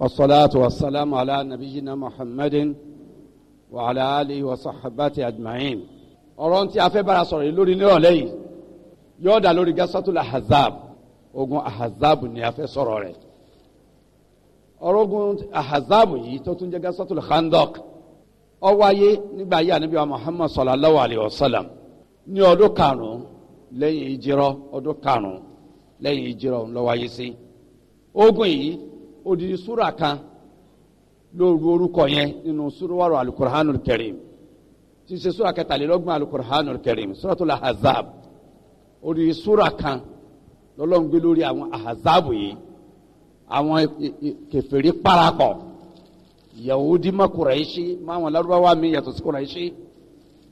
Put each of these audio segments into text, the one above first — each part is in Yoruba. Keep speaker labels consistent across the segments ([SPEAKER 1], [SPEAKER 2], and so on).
[SPEAKER 1] والصلاة والسلام على نبينا محمد وعلى آله وصحبته أجمعين ọ̀rọ̀ tí a fẹ́ bára sọ̀rọ̀ yìí lórí nírọ̀lẹ́ yìí yóò dá lórí gasatul ahazab ogun ahazab ni a fẹ́ sọ̀rọ̀ rẹ̀ ọ̀rọ̀ ogun ahazab yìí tó tún jẹ́ gasatul khandok ó wáyé nígbà ayé ànábì wa muhammad sallallahu alayhi wa sallam ní ọdún karùn-ún lẹ́yìn ìjírọ̀ ọdún karùn-ún lẹ́yìn ìjírọ̀ ló wáyé sí ogun yìí odidi sura kan lóru orúkọ yẹn nínú súrọ̀wárò alukurahanul karim tí ṣe súra kẹtàlélọ́gbọ̀n alukurahanul karim súratul ahazab odidi súra kan lọ́lọ́ngbé lórí àwọn ahazabu yìí àwọn kèfèrí parakọ̀ yahudi ma kuraiṣi máwọn larubawa mi yàtọ̀ sí kuraiṣi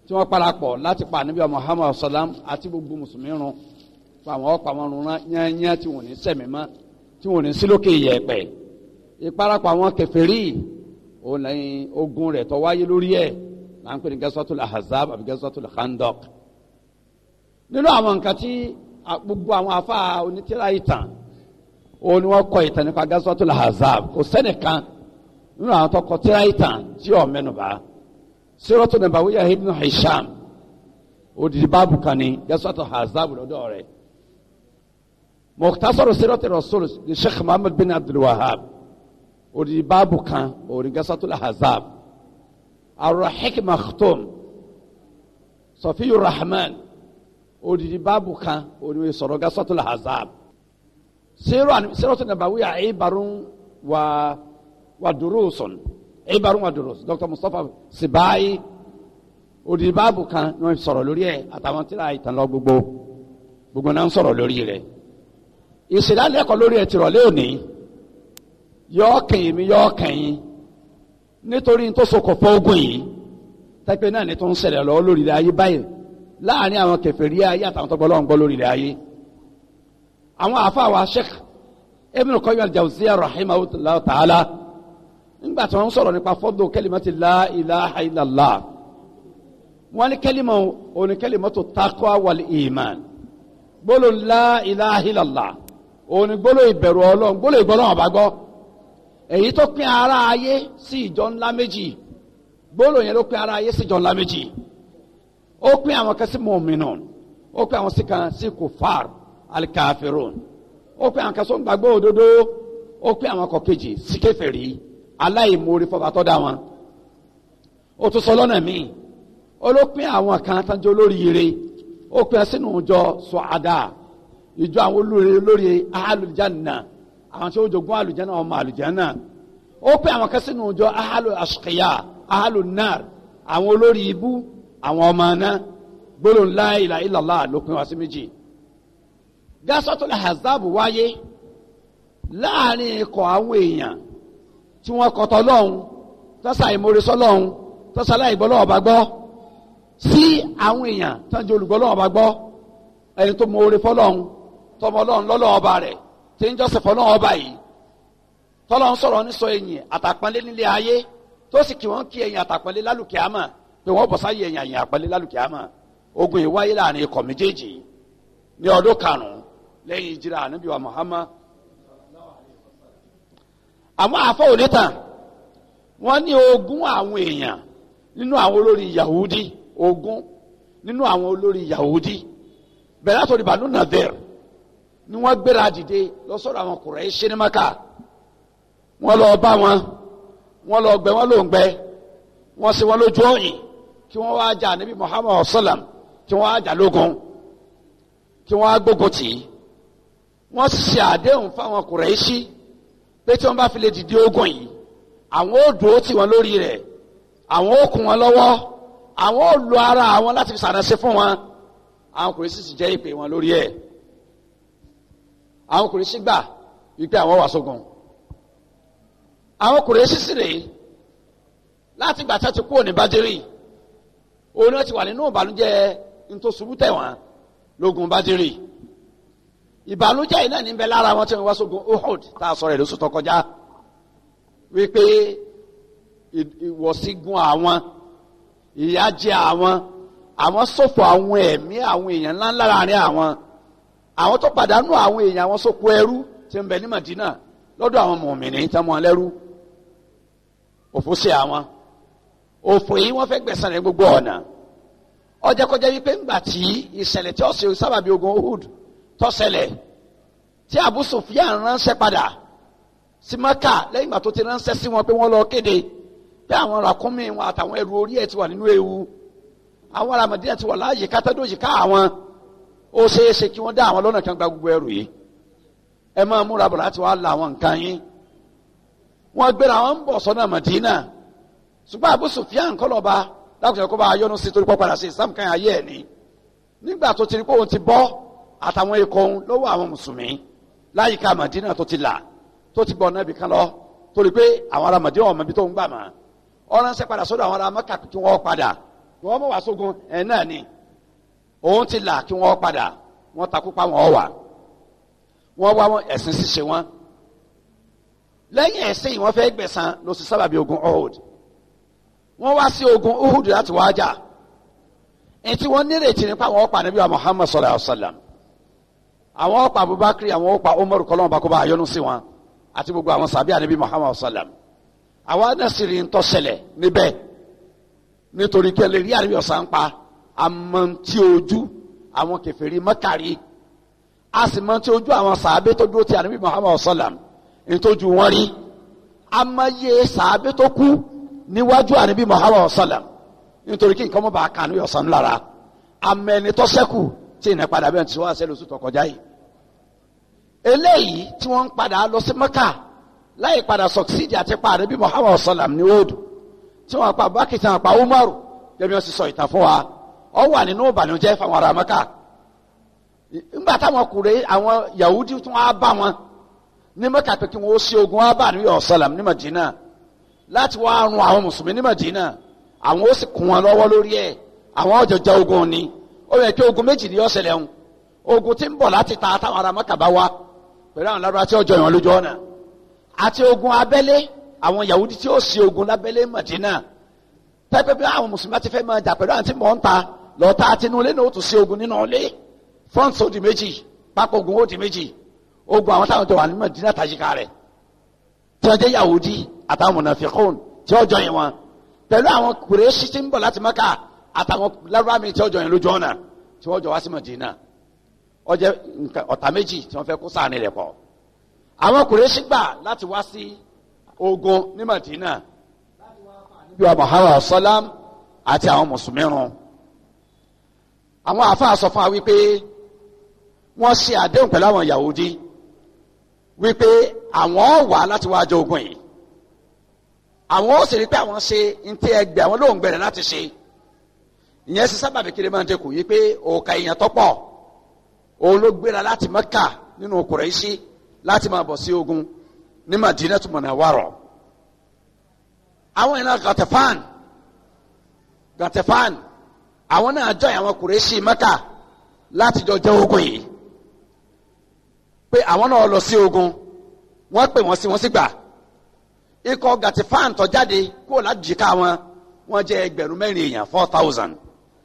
[SPEAKER 1] tí wọ́n parakọ̀ láti pa ànábì muhammadu salam àti gbogbo mùsùlùmí run pa àwọn ọ̀pọ̀ àwọn run yányá tí wọ́n ní sẹ̀mí tí wọn ò ní sí lókè yẹ̀pẹ̀ ìparapọ̀ àwọn kèfèrí òun lẹ́yìn ogun rẹ̀ tó wáyé lórí ẹ̀ là ń pè ní gẹ́sọ́tòlù ahazab àbí gẹ́sọ́tòlù khandok nínú àwọn nǹkan tí gbogbo àwọn afa onítìrá ìtàn òun ni wọ́n kọ ìtàn nípa gẹ́sọ́tòlù ahazab kò sẹ́nìkan nínú àwọn tó kọ tìrá ìtàn tí ò mẹ́nubà sírọ́tò nàbàwíyà ibn hisham odidi báàbù kan ní gẹ́sọ́tòlù ahazab lọ́dọ̀ rẹ̀ mọ̀tásọ̀rọ̀ sẹ́rọ̀tẹ̀ rọ̀sọ́lù sheikh muhammed bin abdulwahab òdì báàbù kan òdì gasatul ahzab arahik makhtum sofiyu rahman òdì báàbù kan òdì sọ̀rọ̀ gasatul ahzab sẹ́rọ̀tẹ̀ nabawiya ibarun wa wa durusun ibarun wa durus dr mustapha sibai òdì báàbù kan ni wọ́n sọ̀rọ̀ lórí ẹ̀ àtàwọn tíra ìtàn lọ gbogbo gbogbo náà ń sọ̀rọ̀ lórí rẹ̀ ìṣèdálẹ́kọ̀ọ́ lórí ẹ̀tìrọ̀lẹ́ òní yọ kẹyìn mi yọ kẹyìn nítorí tó sokòfò ogun yìí tẹ́pẹ́ náà ni tó ń ṣẹlẹ̀ lọ lórí ilẹ̀ ayé báyìí láàrin àwọn kèfèrí ayé àtàwọn tó gbọ́ lọ́wọ́ ń gbọ́ lórí ilẹ̀ ayé àwọn àáfàá wa Sheikh Ibn Qayyim al-Jawziyya rahimahullah ta'ala ńgbà tí wọ́n ń sọ̀rọ̀ nípa fọ́dọ̀ kalimati la ilaha illallah wọ́n ní kẹ́límà òní kalimatu taqwa wal iman gbólóhùn la ilaha illallah òun ni gbólóhùn ìbẹ̀rù ọlọ́run gbólóhùn ìgbọ́lọ́run ọba gbọ́ èyí tó pín ara ayé sí ìjọ ńlá méjì gbólóhùn yẹn ló pín ara ayé sí ìjọ ńlá méjì ó pín àwọn kan sí mọ̀mìnà ó pín àwọn kan sí kòfàr alikafirun ó pín àwọn kan sóun gbàgbọ́ òdodo ó pín àwọn kan kejì sí kèfèrí aláìmoore fọba tó dá wọn ó tún sọ lọ́nà míì ó ló pín àwọn kan tán jẹ́ olóríire ó pín sínú ìjọ sọ̀ádà. So ìjọ àwọn olóore olóore alùjáná àwọn tí ó jogún alùjáná ọmọ alùjáná ó pè àwọn kan sínú ìjọ ahalu asqiya ahalu nar àwọn olórí ibú àwọn ọmọ aná gbólóhùn la ilaha illallah ló pín wá sí méjì gasatul hazab wáyé láàrin ikọ̀ àwọn èèyàn tí wọ́n kọtọ lọ́hùn tọ́sà ìmọ̀rẹ́sọ́ lọ́hùn tọ́sà láìgbọ́ lọ́wọ́ bá gbọ́ sí àwọn èèyàn tọ́jú olùgbọ́ lọ́wọ́ bá gbọ́ ẹni tó mọ oore fọ́lọ́hùn tọmọ ọlọ́run lọ́lọ́run ọba rẹ̀ tí ń jọ́sìn fọlọ́run ọba yìí tọ́lọ́run sọ̀rọ̀ ní sọ ẹ̀yìn àtàpọ́nlé nílé ayé tó sì kí wọ́n kí ẹ̀yìn àtàpọ́nlé lálùkẹ́ àmọ́ pé wọ́n bọ̀ sáyé ẹ̀yìn àyìn àpọ́nlé lálùkẹ́ àmọ́ ogun yìí wáyé láàrin ikọ̀ méjèèjì ní ọdún karùn-ún lẹ́yìn ìjìrà ànábì wa Muhammad àwọn afọ onítàn wọ́n ní ogún àwọn èèyàn nínú àwọn olórí Yahudi ogún nínú àwọn olórí Yahudi bẹ̀rẹ̀ látòrí Banu ni wọ́n gbéra dìde lọ́sọ̀rọ̀ àwọn kùrẹ́ sinimaka wọ́n lọ bá wọn wọ́n lọ gbẹ wọ́n ló ń gbẹ wọ́n sì wọ́n lójú ọ̀yìn kí wọ́n wá jà níbi muhammadu sallam kí wọ́n wá jà lógun kí wọ́n wá gbógun tì í wọ́n ṣe àdéhùn fáwọn kùrẹ́ sí pé tí wọ́n bá fi lè dìde ogun yìí àwọn ò dúró tì wọ́n lórí rẹ̀ àwọn ò kún wọn lọ́wọ́ àwọn ò lo ara àwọn láti fi fún wọn àwọn kùrẹ́ sì sì jẹ́ ìpè wọn lórí ẹ̀ àwọn Kùrẹ́ṣì gbà wípé àwọn wà sógun àwọn Kùrẹ́ṣì sì rèé láti gbà tá ti kúrò ní bájírì òun náà ti wà nínú ìbànújẹ́ ntòsùbù tẹ̀wọ̀n lógun bájírì ìbànújẹ́ yìí náà lára wọn tí wọ́n wá sógun Uhud tá a sọ̀rọ̀ ẹ̀ lóṣù tó kọjá wípé ìwọ̀sígun àwọn ìyà jẹ àwọn àwọn ṣòfò àwọn ẹ̀mí àwọn èèyàn ńláńlá láàrin àwọn àwọn tó pàdánù àwọn èèyàn àwọn sóko ẹrú tí ń bẹ ní Madina lọ́dọ̀ àwọn mọ̀mìnì tí wọ́n lẹ́rú òfò sí àwọn òfò yìí wọ́n fẹ́ gbẹ̀san rẹ̀ gbogbo ọ̀nà ọjà kọjá wípé ńgbà tí ìṣẹ̀lẹ̀ tí ó ṣe sábàbí ogun Uhud tó ṣẹlẹ̀ tí Abu Sufyan ránṣẹ́ padà sí Maka lẹ́yìn ìgbà tó ti ránṣẹ́ sí wọn pé wọ́n lọ kéde pé àwọn ràkúnmí wọn àtàwọn ẹrù orí ẹ̀ ti wà nínú ewu àwọn ará Madina ti wà láàyè kátàdóyè ká àwọn ó ṣeé ṣe kí wọ́n dá àwọn lọ́nà kan gba gbogbo ẹrù yìí ẹ máa múra bọ̀ láti wá la àwọn nǹkan yín wọ́n gbéra wọn ń bọ̀ sọ́nà Mádínà ṣùgbọ́n Abu Sufyan kọlọ́ba lákùnrin kọ́ba ayọ́nu sí torí pọ́padà sí Islam kan ayé ẹ̀ ní nígbà tó ti rí pé òun ti bọ́ àtàwọn ikọ̀ òun lọ́wọ́ àwọn mùsùlùmí láyìíká Mádínà tó ti là tó ti bọ̀ nábì kan lọ torí pé àwọn ará Mádínà ọmọ ibi tó ń gbà mọ́ ọ̀ránṣẹ́ padà sọ́dọ̀ àwọn ará Mákà kí wọ́n padà wọ́n mọ̀ wá sógun ẹ̀ náà ni òun ti là kí wọ́n padà wọ́n takú pa wọ́n wà wọ́n wá wọn ẹ̀sìn ṣiṣẹ́ wọn lẹ́yìn ẹ̀sìn yìí wọ́n fẹ́ gbẹ̀san ló sì sábàbí ogun Uhud wọ́n wá sí ogun Uhud láti wá jà ètí wọ́n nírètí nípa àwọn ọ̀pá níbi wa Muhammad sallallahu alayhi sallam àwọn ọ̀pá Abubakar àwọn ọ̀pá Umar kọlọ́n bá kó bá yọ́nú sí wọn àti gbogbo àwọn sàbí àníbi Muhammad sallam àwọn anasiri ń tó ṣẹlẹ̀ níbẹ̀ nítorí kí ẹ pa àmọ̀ntí ojú àwọn kèfèrí mọ́kàrí a sì mọ̀ntí ojú àwọn sàábé tó dúró ti ànábì muhammadu sallam nítòjú wọn rí amáyé sàábé tó kú níwájú ànábì muhammadu sallam nítorí kí nǹkan mọ́ bá a kàn ní ọ̀sán lára amẹ́ni tó ṣẹ́kù tí ìnà padà bẹ́ẹ̀ tí wọ́n á ṣe lóṣù tó kọjá yìí eléyìí tí wọ́n ń padà lọ sí mọ́kà láì padà sọ̀kìsìdì àti pa ànábì muhammadu sallam ní òòdù tí wọ́n pa bákìtì àwọn pa umaru gẹ́gẹ́ bí wọ́n ti sọ ìtàn fún wa. ọ wà nínú ìbànújẹ́ fáwọn ará mẹ́kà ńgbà táwọn kùrẹ́ àwọn yahudi tún á bá wọn ní mẹ́kà kí wọ́n ó ogun á bá níyọ̀ sálàm ní madina láti wá run àwọn mùsùlùmí ní madina àwọn ó sì kún wọn lórí ẹ àwọn ogun ni ó yẹ kí ogun méjì ní ogun ti ń ta ará bá àwọn lójú ọ̀nà ogun àwọn yahudi tí ó ogun madina bí àwọn mùsùlùmí lọ́tà àtinúlé náà ó tún ṣe ogun nínú ọlé front ó di méjì pápọ̀ ogun ó di méjì ogun àwọn táwọn jọ wà ní Mẹdínà tàjíkà rẹ̀ tí wọ́n jẹ́ Yahudi àtàwọn mọ̀nàfíkún tí wọ́n jọ yẹn wọn pẹ̀lú àwọn Kùrẹ́ṣì tí ń bọ̀ láti Mẹ́kà àtàwọn lárúbá mi tí wọ́n jọ yẹn lójú ọ̀nà tí wọ́n jọ wá sí Mẹdínà ó jẹ́ ọ̀tá méjì tí wọ́n fẹ́ kó sáà nílẹ̀ pọ̀ àwọn Kùrẹ́ṣì gbà láti wá sí ogun ní Mẹdínà láti wá fà níbi wa Muhammad salam àti àwọn mùsùlùmí àwọn àáfàá sọ fún wa wípé wọ́n ṣe àdéhùn pẹ̀lú àwọn Yahudi wípé àwọn wà láti wá jẹ ogun yìí àwọn ó sì rí pé àwọn ṣe ntí ẹgbẹ́ àwọn lóun gbẹrẹ láti ṣe ìyẹn ṣe sábàbí kiri máa ń dẹkùn yìí pé òòkà èèyàn tọ́pọ̀ òun ló gbéra láti Mẹ́kà nínú Kùráìṣì láti máa bọ̀ sí ogun ní Madina tó mọ̀nà wárọ̀ àwọn ìlànà Gàtẹ̀fán Gàtẹ̀fán àwọn náà jọyìn àwọn kùrẹ́sì mẹ́kà láti jọ jẹ́ ogun yìí pé àwọn náà lọ sí ogun wọ́n pè wọ́n sí wọ́n sì gbà ikọ̀ gàtífàn tó jáde kúrò láti jìkà wọn wọ́n jẹ́ ẹgbẹ̀rún mẹ́rin èèyàn four thousand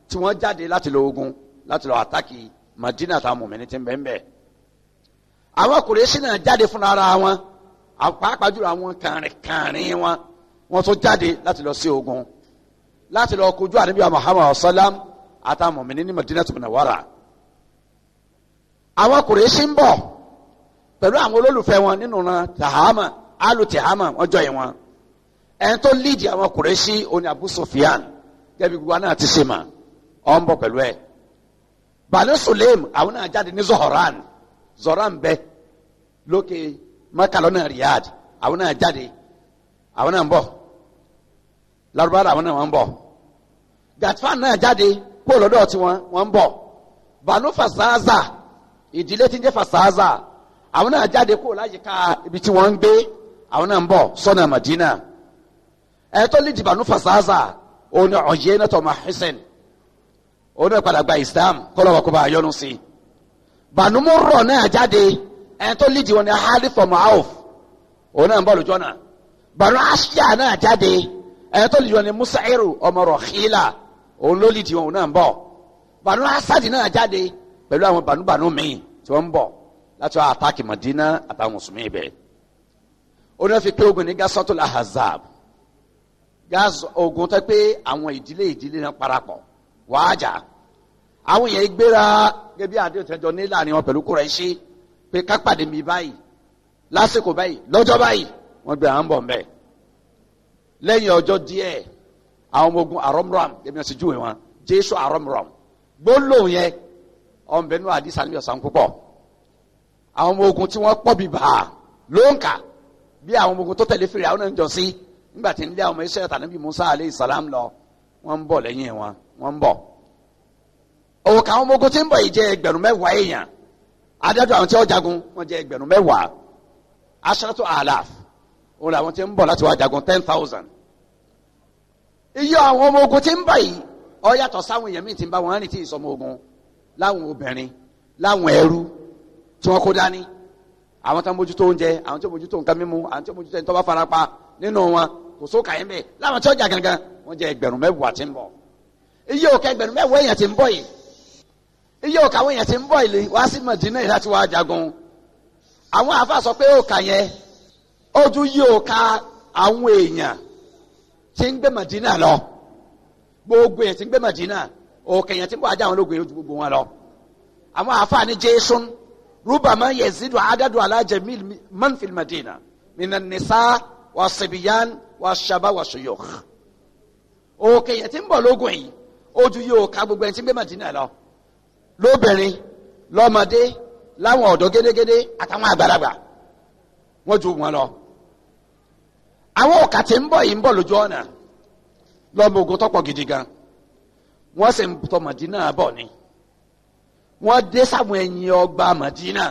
[SPEAKER 1] tí wọ́n jáde láti lọ ogun láti lọ àtàkì Madina táwọn mọ̀mẹ́ni ti ń bẹ́ẹ̀ bẹ́ẹ̀ àwọn kùrẹ́sì náà jáde fúnra ara wọn pàápàá jùlọ àwọn kàrìnkàrìn wọn wọ́n tún jáde láti lọ sí ogun láti lọ kojú ànábì Muhammad salam àtàwọn mọ̀mìnì ní Madinatu Munawwara àwọn Kùrẹ́ṣì ń bọ̀ pẹ̀lú àwọn olólùfẹ́ wọn nínú ran Tahama alu Tahama wọ́n jọ yìí wọn ẹni tó líìdì àwọn Kùrẹ́ṣì oní Abu Sufyan gẹ́gẹ́ gbogbo náà ti ṣe mà ọ̀ ń bọ̀ pẹ̀lú ẹ̀ Bani Sulaim àwọn náà jáde ní Zohoran Zohoran bẹ lókè Makalona Riyadh àwọn náà jáde àwọn náà ń bọ̀. Lárúbá làwọn náà wọ́n ń Gatfan náà jáde kó lọ́dọ̀ tiwọn wọ́n ń bọ̀ Banu Fasaza ìdílé tí ń jẹ́ Fasaza àwọn náà jáde kó láyìíká ibi tí wọ́n ń gbé àwọn náà ń bọ̀ sọ́nà Madina ẹ̀ lidi lè Banu Fasaza òun ni ọ̀yẹ́ náà tọ́ ma Hussein òun náà padà gba Islam kọ́lọ́wọ́ kó bá a yọnu sí i Banu Murra náà jáde ẹ̀ lidi lè di wọn ni Halifa Mu'awf òun náà ń bọ̀ lójọ́ náà Banu Ashiya náà jáde ẹ tó lìdí wọn ni musairu ọmọ rọhila òun ló lìdí wọn òun náà ń bọ̀ banu asadi náà jáde pẹ̀lú àwọn banu banu míì tí wọ́n ń bọ̀ láti wá àtàkì madina àtàwọn mùsùlùmí bẹ́ẹ̀ ó ní pé ogun ní gasatul ahazab gas ogun tó pé àwọn ìdílé ìdílé náà parapọ̀ wàájà àwọn yẹn gbéra gẹ́gẹ́ bí ní láàrin wọn pẹ̀lú Kùrẹ́ṣì pé kápàdé lásìkò báyìí lọ́jọ́ báyìí wọ́n gbé àwọn bọ̀ mbẹ́ẹ̀ lẹ́yìn ọjọ́ díẹ̀ àwọn ọmọ ogun aromram ẹ̀mí ọ̀sẹ̀ júwe wọn jésù aromram gbólóhùn yẹn ọ̀nbẹ́nu àdìsá níbi ọ̀sán púpọ̀ àwọn ọmọ ogun tí wọ́n pọ̀ bíbà ló ń kà bí àwọn ọmọ ogun tó tẹ̀lé fèrè àwọn náà ń jọ sí nígbà tí ń lé àwọn ọmọ iṣẹ́ tàbí musa aleyhi salam lọ wọ́n ń bọ̀ lẹ́yìn wọn wọ́n ń bọ̀ òwò káwọn ọmọ ogun tí ń bọ̀ yìí jẹ́ ẹgbẹ̀rún mẹ́wàá èèyàn adájọ́ àwọn tí wọ́n jagun wọ́n jẹ́ ẹgbẹ̀rún mẹ́wàá asharatu alaf òun làwọn ti ń bọ̀ láti wá jagun ten thousand iye àwọn ọmọ ogun ti ń bá yìí ó yàtọ̀ sáwọn èèyàn ti ń bá wọn rìn tí ì sọmọ ogun láwọn obìnrin láwọn ẹrú tí wọn kó dání àwọn tó ń mójútó oúnjẹ àwọn tó ń mójútó nǹkan mímu àwọn tó ń mójútó ẹni tó bá fara gangan wọn jẹ ti ń iye òkè èèyàn ti ń yìí iye òkè àwọn ti ń ó yóò o ká àwọn èèyàn tí ń gbé Madina lọ gbogbo èèyàn tí ń gbé Madina òkè èèyàn tí ń ológun gbogbo wọn lọ àwọn àfààní jésùn rúbàmọ́ yẹ̀zidu adadu alájẹmí manfil Madina minan wa sibiyan wa wa òkè èèyàn tí ká gbogbo èèyàn tí ń gbé Madina lọ lóbìnrin lọ́mọdé láwọn ọ̀dọ́ gédégédé àtàwọn àgbàlagbà ju àwọn ọ̀kà tí ń bọ̀ yìí ń bọ̀ lójú ọ̀nà lọ́mọ ogun tọ́pọ̀ gidi gan wọ́n sì ń tọ Màdínà bọ̀ ni wọ́n dé sáwọn ẹ̀yìn ọgbà Màdínà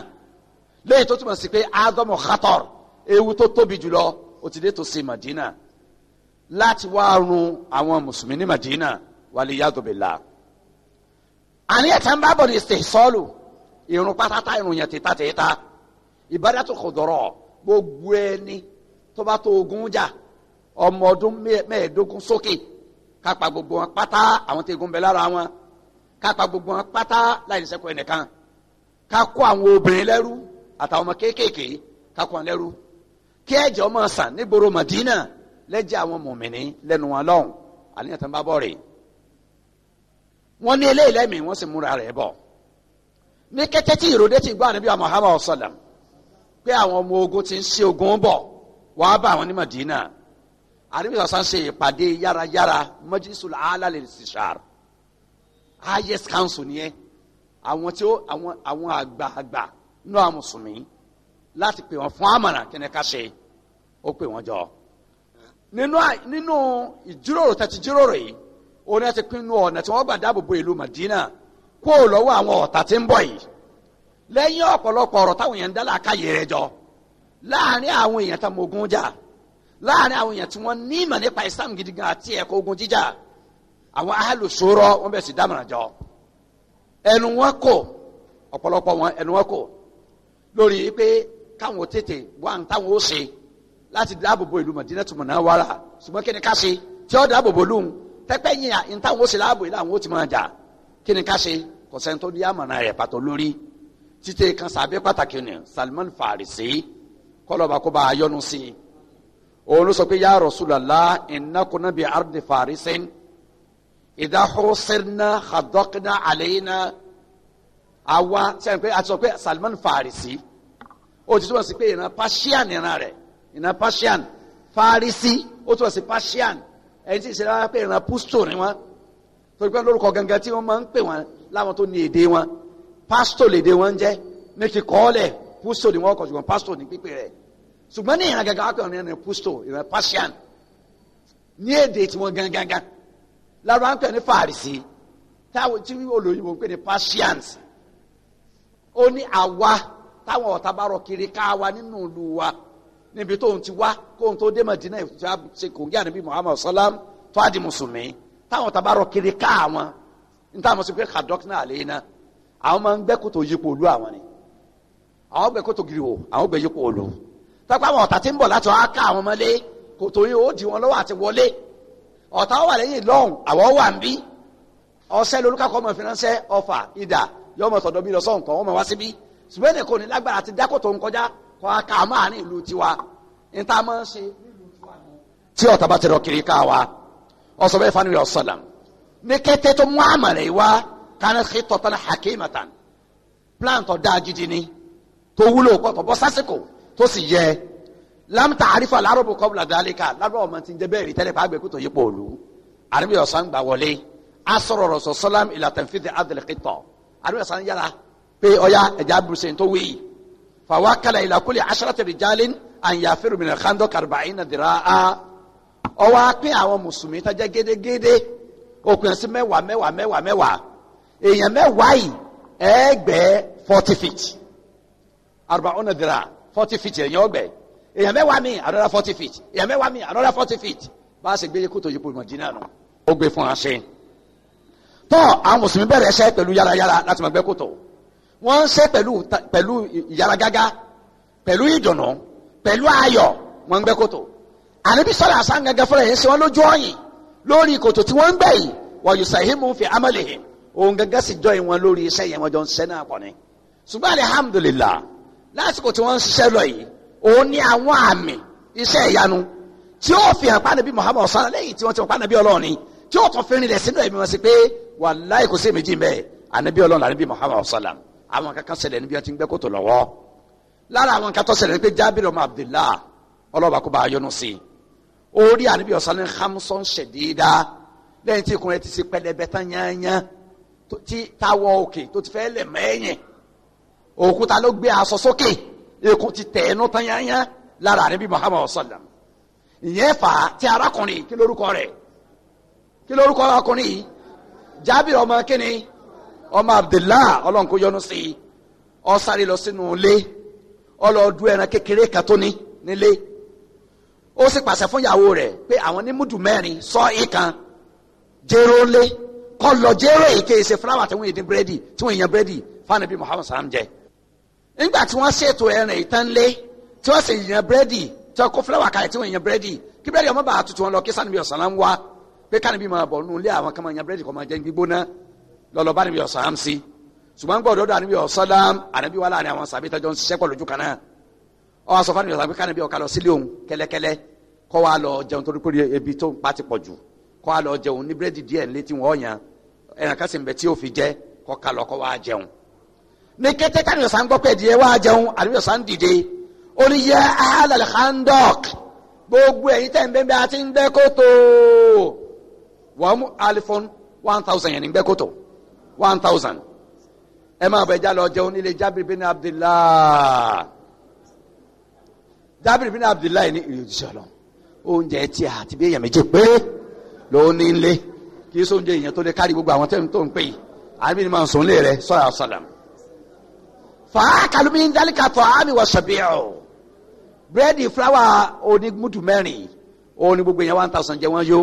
[SPEAKER 1] lẹ́yìn tó túmọ̀ sí pé ádámù khatar ewu tó tóbi jùlọ ó ti dé tó sí Màdínà láti wá run àwọn mùsùlùmí ní Màdínà wàlẹ̀ yàgòbìlà àníyàn tí wọ́n bá bọ̀ ní istihsalu irun pátátá irun yẹn tètà tètà ìbádàtú khudra gbogbo ẹni tó bá tó ogun jà ọmọ ọdún mẹ́ẹ̀ẹ́dógún sókè kápá gbogbo wọn pátá àwọn tó egun bẹ lára wọn kápá gbogbo wọn pátá láì ṣẹ́kù ẹnìkan ká kó àwọn obìnrin lẹ́rú àtàwọn ọmọ kéékèèké ká kó wọn lẹ́rú kí ẹ̀jẹ̀ ọmọ sàn nígboro Madina lẹ́jẹ̀ àwọn mùmìnì lẹ́nu wọn lọ́hùn àníyàn tó ń bá bọ̀ rèé wọ́n ní eléyìí lẹ́mìí wọ́n sì múra rẹ̀ bọ̀ ní kété tí ìròdé ti gbọ́ àníbíyà Muhammad sallam pé àwọn ọmọ ogun ti ń ṣe ogun bọ̀ wàá bá àwọn ní Madina àdébíyà sàn ṣe ìpàdé yárayára majlisul ala lil istishar highest council ni ẹ àwọn tí ó àwọn àwọn àgbààgbà nínú àwọn mùsùlùmí láti pè wọn fún àmàrà kí ni ká ṣe ó pè wọn jọ nínú nínú ìjíròrò tàti jíròrò yìí oní ẹ ti pinnu ọ̀nà tí wọ́n gbà dáàbò bo ìlú Madina kó o lọ́wọ́ àwọn ọ̀tá tí ń bọ̀ yìí lẹ́yìn ọ̀pọ̀lọpọ̀ ọ̀rọ̀ táwọn yẹn ń dá làákàyè rẹ jọ láàrin àwọn èèyàn tá mo ogun jà láàrin àwọn èèyàn tí wọ́n ní ìmọ̀ nípa Islam gidi gan àti ẹ̀kọ́ ogun jíjà àwọn ahlu shura wọ́n bẹ̀ sí dámọ̀ràn jọ ẹnu wọn kò ọ̀pọ̀lọpọ̀ wọn ẹnu wọn kò lórí pé káwọn tètè wá ń táwọn ó ṣe láti dáàbò bo ìlú Madinatu Munawwara ṣùgbọ́n kí ni ká ṣe tí ó dáàbò bo lóhùn tẹ́pẹ́ yìnyà ń táwọn ó ṣe láàbò yìí làwọn ó ti máa jà kí ni ká ṣe kò ní àmọ̀ràn rẹ̀ pàtó lórí títẹ̀ kan sàbẹ́ pàtàkì ni Salman Farisi kọlọba kó bá a yọ́nú sí i òun ló sọ pé ya Rasulullah innakunna bi ardi farisin idha husirna khadaqna alayna àwa sẹ́yìn pé a ti sọ pé Salman Farisi ó ti túbọ̀ sí pé ìran Persian ìran rẹ̀ ìran Persian Farisi ó túbọ̀ sí Persian ẹni tí ìṣẹ̀lẹ̀ wá pé ìran Pusto ni wọ́n torí pé lórúkọ gangan tí wọ́n máa ń pè wọ́n láwọn tó ní èdè wọn pásítọ̀ lèdè wọn jẹ́ ní kíkọ́ ọ́lẹ̀ pústò ni wọ́n kọ̀ ṣùgbọ́n pásítọ̀ ní pípé rẹ̀ ṣùgbọ́n ní ìran gangan akọ̀rin ní pústò ìran pasian ní èdè tí wọ́n gangan lára ń pè ní fàrísì táwọn tí olóyìnbó ń pè ní pasians ó ní àwa táwọn ọ̀tá bá rọ kiri ká wa nínú ìlú wa níbi tóun ti wá kóun tó dé Mẹdínà ìfúnjá ṣe kò ń gé ànábì Muhammad sallam tó á di mùsùlùmí táwọn ọ̀tá bá rọ kiri ká wọn ní táwọn sọ pé kàdọ́kínà àlẹ́ iná àwọn máa ń gbẹ́kùtò yípo olú àwọn ni àwọn ọgbẹ kótó giri wò àwọn ọgbẹ yípo olò tọpẹ àwọn ọ̀tá tí ń bọ̀ láti wá ká àwọn ọmọlé kòtò yìí ó di wọn lọ́wọ́ àti wọlé ọ̀tá wà lẹ́yìn lọ́hùn àwọn wà ń bí ọsẹ lolúkakọ ọmọ ìfiránṣẹ́ ọfà ìdà yọ ọmọ sọdọ bí lọ sọ nǹkan ọmọ wá síbí ṣùgbọ́n ènìyàn kò ní lágbára àti dákòtò nkọjá kọ́ aka àmàárín ìlú tiwa níta máa ń ṣe tí ọ̀tá bá ti rọ kiri ká wa ọsọ bẹ́ẹ̀ fani rẹ̀ ọ̀sọ̀làm ní kété tó mú àmàlẹ̀ wá kánà kí hakimatan plant ọ̀dá gidi ni tó wúlò pọ̀tọ̀ bọ́ sásìkò tó sì yẹ lámta àrífà lárúbù kọ́bùlà dálíkà lábẹ́ ọmọ tí ń jẹ bẹ́ẹ̀ rí tẹ́lẹ̀ fàgbẹ́ kótó yípo òlu àríbí ọ̀sán gbà wọlé asọ̀rọ̀ rọ̀sọ̀ sọ́lám ìlàtẹ̀fídì adìlẹ̀kìtọ̀ àríbí ọ̀sán yára pé ọya ẹ̀já burúkú tó wí fàwákàlà ìlàkúlẹ̀ aṣọ́rọ̀tẹ̀ rìjálín àyàfẹ́rù mìíràn kándọ́ kàrbàyínà dìrà á ọwọ́ apẹ́ àwọn mùsùlùmí tó jẹ́ gédégédé òkùnrin sí mẹ́wàá mẹ́wàá mẹ́wàá mẹ́wàá èèyàn mẹ́wàá yìí ẹ̀ẹ́gbẹ́ forty arbaona dira forty feet èèyàn ọgbẹ èèyàn mẹ́wàá mi another forty feet èèyàn mẹ́wàá mi another forty feet bá a ṣe gbé kótó yìí pòlùmọ̀ dínà nù ó gbé fún aṣẹ. tọ́ àwọn mùsùlùmí bẹ̀rẹ̀ ẹṣẹ́ pẹ̀lú yárayára láti máa gbẹ́ kótó wọ́n ń ṣe pẹ̀lú pẹ̀lú yáragágá pẹ̀lú ìdùnnú pẹ̀lú ayọ̀ wọ́n ń gbẹ́ kótó. àníbi sọ́dọ̀ àṣà gẹ́gẹ́ fúnra yìí ṣe wọ́n lójú ọ̀yìn lórí kòtò tí wọ́n ń gbẹ́ yìí wọ́n yóò ṣàhímù fi amalihim òun gẹ́gẹ́ sì jọ ìwọ̀n lórí iṣẹ́ yẹn wọ́n jọ ń ṣẹ́ náà pọ̀ ni. ṣùgbọ́n alihamudulilayi lásìkò tí wọ́n ń ṣiṣẹ́ lọ yìí òun ní àwọn àmì iṣẹ́ ìyanu tí ó fi hàn pàdé bí Muhammad sara lẹ́yìn tí wọ́n ti pàdé bí Ọlọ́run ni tí ó tún fi rinlẹ̀ sínú ẹ̀mí wọn sí pé wàláì kò sí èméjì mẹ́ẹ̀ ànábì Ọlọ́run ànábì Muhammad sara àwọn kankan ṣẹlẹ̀ níbi wọn ti ń gbẹ́ kótó lọ́wọ́ lára àwọn kan tó ṣẹlẹ̀ ni pé Jábìrì ọmọ Abdullah ọlọ́ba òkúta ló gbé aṣọ sókè eku ti tẹ̀ ẹnu tanyanya lára níbi muhammadu sallam ìyẹn fà á tí arákùnrin kí lórúkọ rẹ̀ kí lórúkọ arákùnrin yìí jábìrì ọmọ kínní ọmọ abdullah ọlọ́run kò sí i sáré lọ sínú ilé ọlọ́ọ̀dún ẹran kékeré kan tó ní nílé ó sì pàṣẹ fún ìyàwó rẹ̀ pé àwọn ní múdù sọ ìkan jéró lé nígbà tí wọ́n ṣètò ẹran ìtànlé tí wọ́n sì yan búrẹ́dì tí wọ́n kó fúláwà kalẹ̀ tí wọ́n yan búrẹ́dì kí búrẹ́dì ọmọ bàa tutù wọn lọ kí sànìbí ọ̀sán láń wá pé kànìbí máa bọ̀ nínú ilé àwọn kan máa yan búrẹ́dì kọ́ máa jẹ gbígbóná lọ́lọ́ bá níbi ọ̀sán ám sí ṣùgbọ́n gbọ́ ọ̀dọ́dọ̀ àníbi ọ̀sán lám àníbi wà láàrin àwọn sàbí tọ́jọ́ ń ṣiṣẹ́ pọ̀ lójú kan náà ọ ní kété káni ọ̀sán gbọ́ pé ẹ̀dìyẹ wá jẹun àdìyẹ ọ̀sán dìde ó ní yẹ ahalal khandok gbogbo ẹ̀yin tẹ̀ ń bẹ́ẹ̀ bí a ti ń dẹ́ kótó wọ́n mú alifon one thousand yẹn ní gbẹ́ kótó one thousand ẹ máa bẹ̀ já lọ jẹun nílé jábìrì bin abdillah jábìrì bin abdillah ní ìlú ìṣọ̀lọ́ oúnjẹ tí a ti bí èèyàn méjì péré ló ní ilé kì í sóúnjẹ èèyàn tó lè kárí gbogbo àwọn tẹ́lẹ̀ ń pè yìí àbí ni màá sùn lé rẹ sọ́yà sàlám fàákàlùmí dálíkà tọ́ àmì wọ sọ̀bìọ̀ búrẹ́dì fúláwà onímùtù mẹ́rin òun ni gbogbo yẹn one thousand jẹ wọ́n yó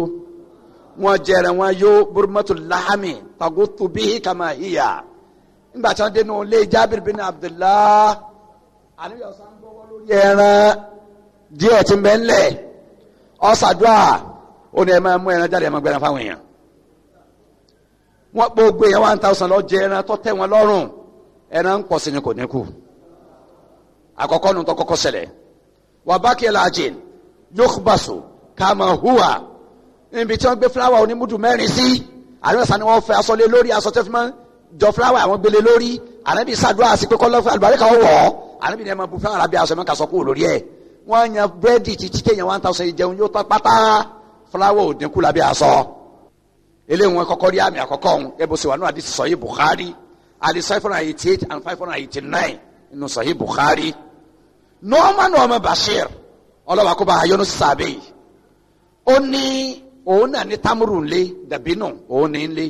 [SPEAKER 1] wọ́n jẹrẹ wọ́n yó burúmọ́tò láhàmì pàgó tóbi kàmá híyà nígbà tí wọ́n dénú lé jábìrì bin abdullah àníbi ọ̀sán gbọ́wọ́ lórí ẹran díẹ̀ ti mẹ́lẹ̀ ọ̀sàdúà ó ní ẹ máa mú ẹran jáde ẹ máa gbẹran fáwọn èèyàn wọ́n gbogbo yẹn one thousand lọ jẹ ẹran tó tẹ́ wọn lọ́rùn ẹran kọsi ni kò ní kú àkọ́kọ́ nu tó kọ́kọ́ ṣẹlẹ̀ wà bákì ẹ lajin yókùbàṣọ kàmá hùwà níbi tí wọ́n gbé fúláwà onímùdù mẹ́rin sí àlọ́ ìsàn ni wọ́n fẹ́ aṣọ lé lórí aṣọ tẹ́fí máa ń àwọn gbélé lórí ànábì sàdúrà sí pé kọ́lọ́ fún àlùbáríkà ó wọ̀ ọ́ ànábì ni ẹ máa bu fúláwà rábí aṣọ mẹ́ka sọ kúrò lórí ẹ̀ wọ́n yan búrẹ́dì títí téèyàn one thousand jẹun yóò tán pátá fúláwà ò dínkù lábẹ́ aṣọ eléwọn kọ́kọ́ rí àmì àkọ́kọ́ ọ̀hún ẹ bó ṣe wà nínú yìí Bukhari hadith five hundred eighty eight and five hundred eighty nine nínú sahih bukhari nọ́ọ̀mà nọ́ọ̀mà bashir ọlọ́wà kó bá a yọnu sàbẹ̀ yìí ó ní òun náà ní tamuru ńlé dàbí nù òun ní ńlé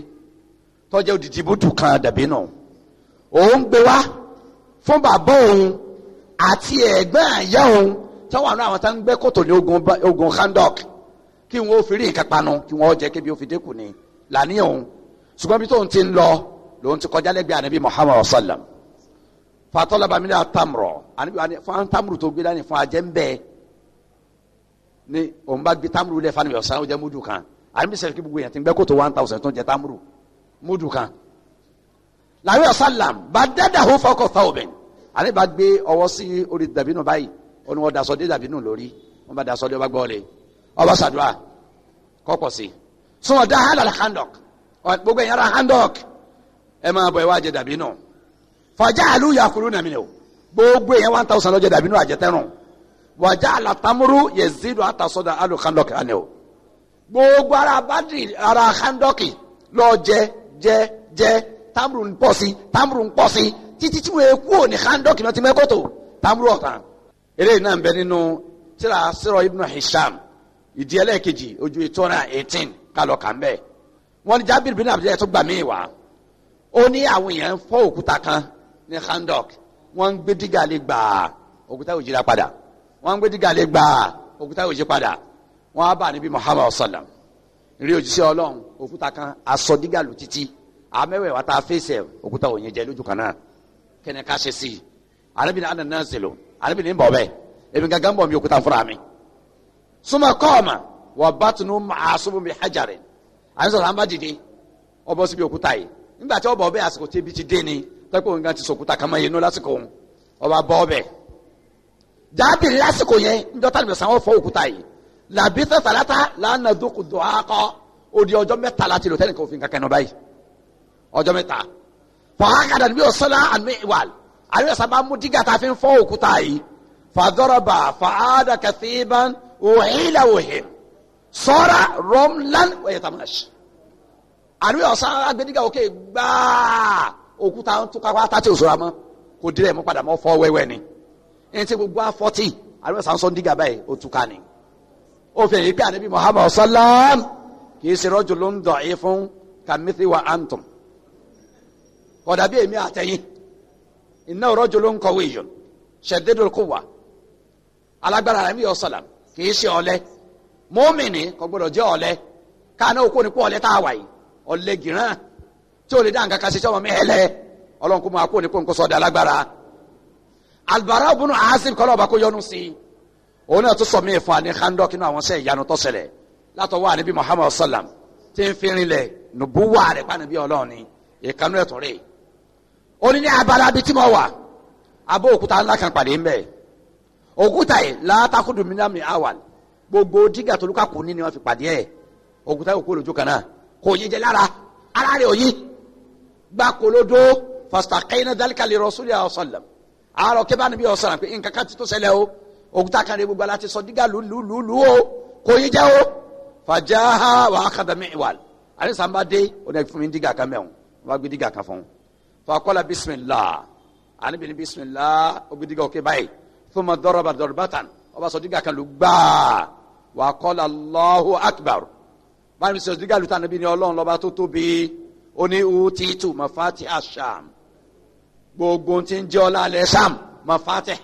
[SPEAKER 1] tọ́jà òdìdí bùtù kan dàbí nù òun gbé wá fún bàbá òun àti ẹ̀gbọ́n àyà òun táwọn àna àwọn tá ń gbẹ́ kòtò ní ogun khandok kí wọn ó fi rí nǹkan panu kí wọn ó jẹ kébi ó dínkù ní làníyàn òun ṣùgbọ́n bí tóun ti ń lọ lòun ti kọjá lẹ́gbẹ̀ẹ́ anabi muhammadu sallam fatọlaba mi ni atamurọ anabi fún antamuru tó gbé dání fún ajẹ́ nbẹ ni òun bá gbé tamuru lẹ fani ọ̀sán ọjẹ́ mudu kan anabi sẹ́yìn kí gbogbo yẹn ti gbẹ́ kótó one thousand tó ń jẹ tamuru mudu kan làwọn ọ̀sán làm bá dẹ́dà hó fọkọ̀ fáwọn bẹ́ẹ̀ ale b'a gbé ọwọ́ sí orí dàbínù báyìí ọni wọn dasọ dé dàbínù lórí wọn bá dasọ dé wọn bá gbọ́ le ọba sàdúrà kọkọ sí da hàn lọ handok gbogbo yẹn ra handok ẹ máa bọ̀ ẹ wá jẹ dàbí náà fàjà àlù yakuru nàmi ni o gbogbo èèyàn one thousand lọ́jọ́ dàbí náà àjẹtẹ́rùn wàjà àlàtàmúrú yezidu àtàsọ́dà alu kandọ́kì àná o gbogbo ara badri ara kandọ́kì lọ jẹ jẹ jẹ tamuru ń pọ̀ sí tamuru ń pọ̀ sí títí tí wọ́n kú òní kandọ́kì náà ti mẹ́kọ́tò tamuru ọ̀tàn eléyìí náà bẹ nínú tíra sírọ ibnu hisham ìdí ẹlẹ́ẹ̀kejì ojú ìtọ́ra eighteen kálọ̀ kàn bẹ́ẹ̀ wọ́n ní jábìrì bin abdulayi tó gbà míì wá ó ní àwọn èèyàn ń fọ́ òkúta kan ní handok wọ́n ń gbé dígà lé gbàá òkúta yóò jíra padà wọ́n ń gbé dígà lé gbàá òkúta yóò jí padà wọ́n á bà níbi Muhammad sallam rí òjíṣẹ́ Ọlọ́run òkúta kan aṣọ dígà lù títí àmẹ́wẹ̀ wa ta fèsì ẹ̀ òkúta òyìn jẹ lójú kan náà kẹ́ni ká sí i arábìnrin àná náà ṣe lò arábìnrin bọ̀ bẹ́ẹ̀ èmi gangan bọ̀ mi òkúta fúnra mi súnmọ́ kọ́ọ̀mà wọ́n bá tunu màá súnmọ́ mi hajarin àyẹ̀sọ̀rọ̀ àmàjìdí ọbọ̀ síbi òkúta yìí nígbà tí ọba ọbẹ̀ àsìkò tẹ́bi ti dé ni tẹ́kọ̀ nǹkan ti sòkúta kàmá yẹn nú lásìkò òun ọba bọ́ ọbẹ̀ jáde lásìkò yẹn njọ́tà lùmẹ̀ sàn wọ́n fọ́ òkúta yìí làbí tẹ́tàlátà lànà dúkù dùn akọ odi ọjọ́ mẹ́ta láti lò tẹ́lẹ̀ kò fi nǹkan kẹ́nu báyìí ọjọ́ mẹ́ta fàákàdà níbi ọ̀sánná àmì ìwàl àmì ọ̀sán bá mú dígà tá a fi ń fọ́ òkúta yìí fàdọ́rọ̀bà fàádà kàtíbán òhìlà òhìn sọ́ra rọ́mlán wẹ̀yẹ̀tàmáṣì àbí ọ̀sán agbẹ́dígà òkè gbáà òkúta tó tàtí òṣòra mọ́ kò dirẹ̀ mú padà mọ́ fọ́ wẹ́wẹ́ ni ẹni tí gbogbo afọ́tì ala ọ̀sán sọ báyìí ó túká ni ó fi èyí pé ànábì Muhammad sallam kì í ṣe rọ́jò ló ń dọ̀ ẹ́ wa antum bí èmi àtẹ̀yìn iná rọ́jò ló ń kọ̀wé yìí alágbára ọ̀sán kì í ṣe mọ́mìnì jẹ́ káà náà ó kó ọ̀lẹ́gìrán tí o lè dá nǹkan kan ṣe sọ́mọ mi ẹlẹ́ ọlọ́run kó máa kó ní kó nǹkan sọ́dọ̀ alágbára Al-Bara bunu Azib kọ́lọ́ ọba kó yọnu sí i òun náà tó sọ mí fún ani Khandaq nínú àwọn sẹ́ ìyanu tó ṣẹlẹ̀ látọwọ́ àníbi Muhammad sallam tí ń fi rinlẹ̀ nùbúwà rẹ̀ pàníbi ọlọ́run ni ìkànnú ẹ̀tún rẹ̀ ó ní ní abala bíi tí mo wà abó òkúta ńlá kan pàdé ń bẹ òkúta yìí látàkùdùmínàmì awal gbogbo dígà tó lùkà kù ní ni wọn fi pàdé ẹ òkúta yòókù lójú kan náà kò yin jẹ lára ara rẹ̀ ò yin gba kolodo fasitakaina dalika le rasuli asalam àárọ̀ kí bá níbi ọ̀sán pé nǹkan kan ti tó ṣẹlẹ̀ o òkúta kan rẹ̀ gbogbo aláti sọ dígà lùlùlù o kò yin jẹ o fàjáhà wà á kàdà mẹ́wàá àti sàmbá dé ọ̀nà ìfúnmi dígà kan mẹ́wọ̀n wọ́n á gbé dígà kan fún un fàkọ́lá bisimilah àníbi ni bisimilah obi dígà òkè báyìí thumma daraba darbatan ó bá sọ dígà kan lù gbáà wà Allahu akbar báyìí mi sọ ìdígà lùtà níbi ni ọlọ́run lọ́ba tó tóbi ó ní uti mafati asham gbogbo ti ń jẹ́ ọlá alẹ́ sham mafati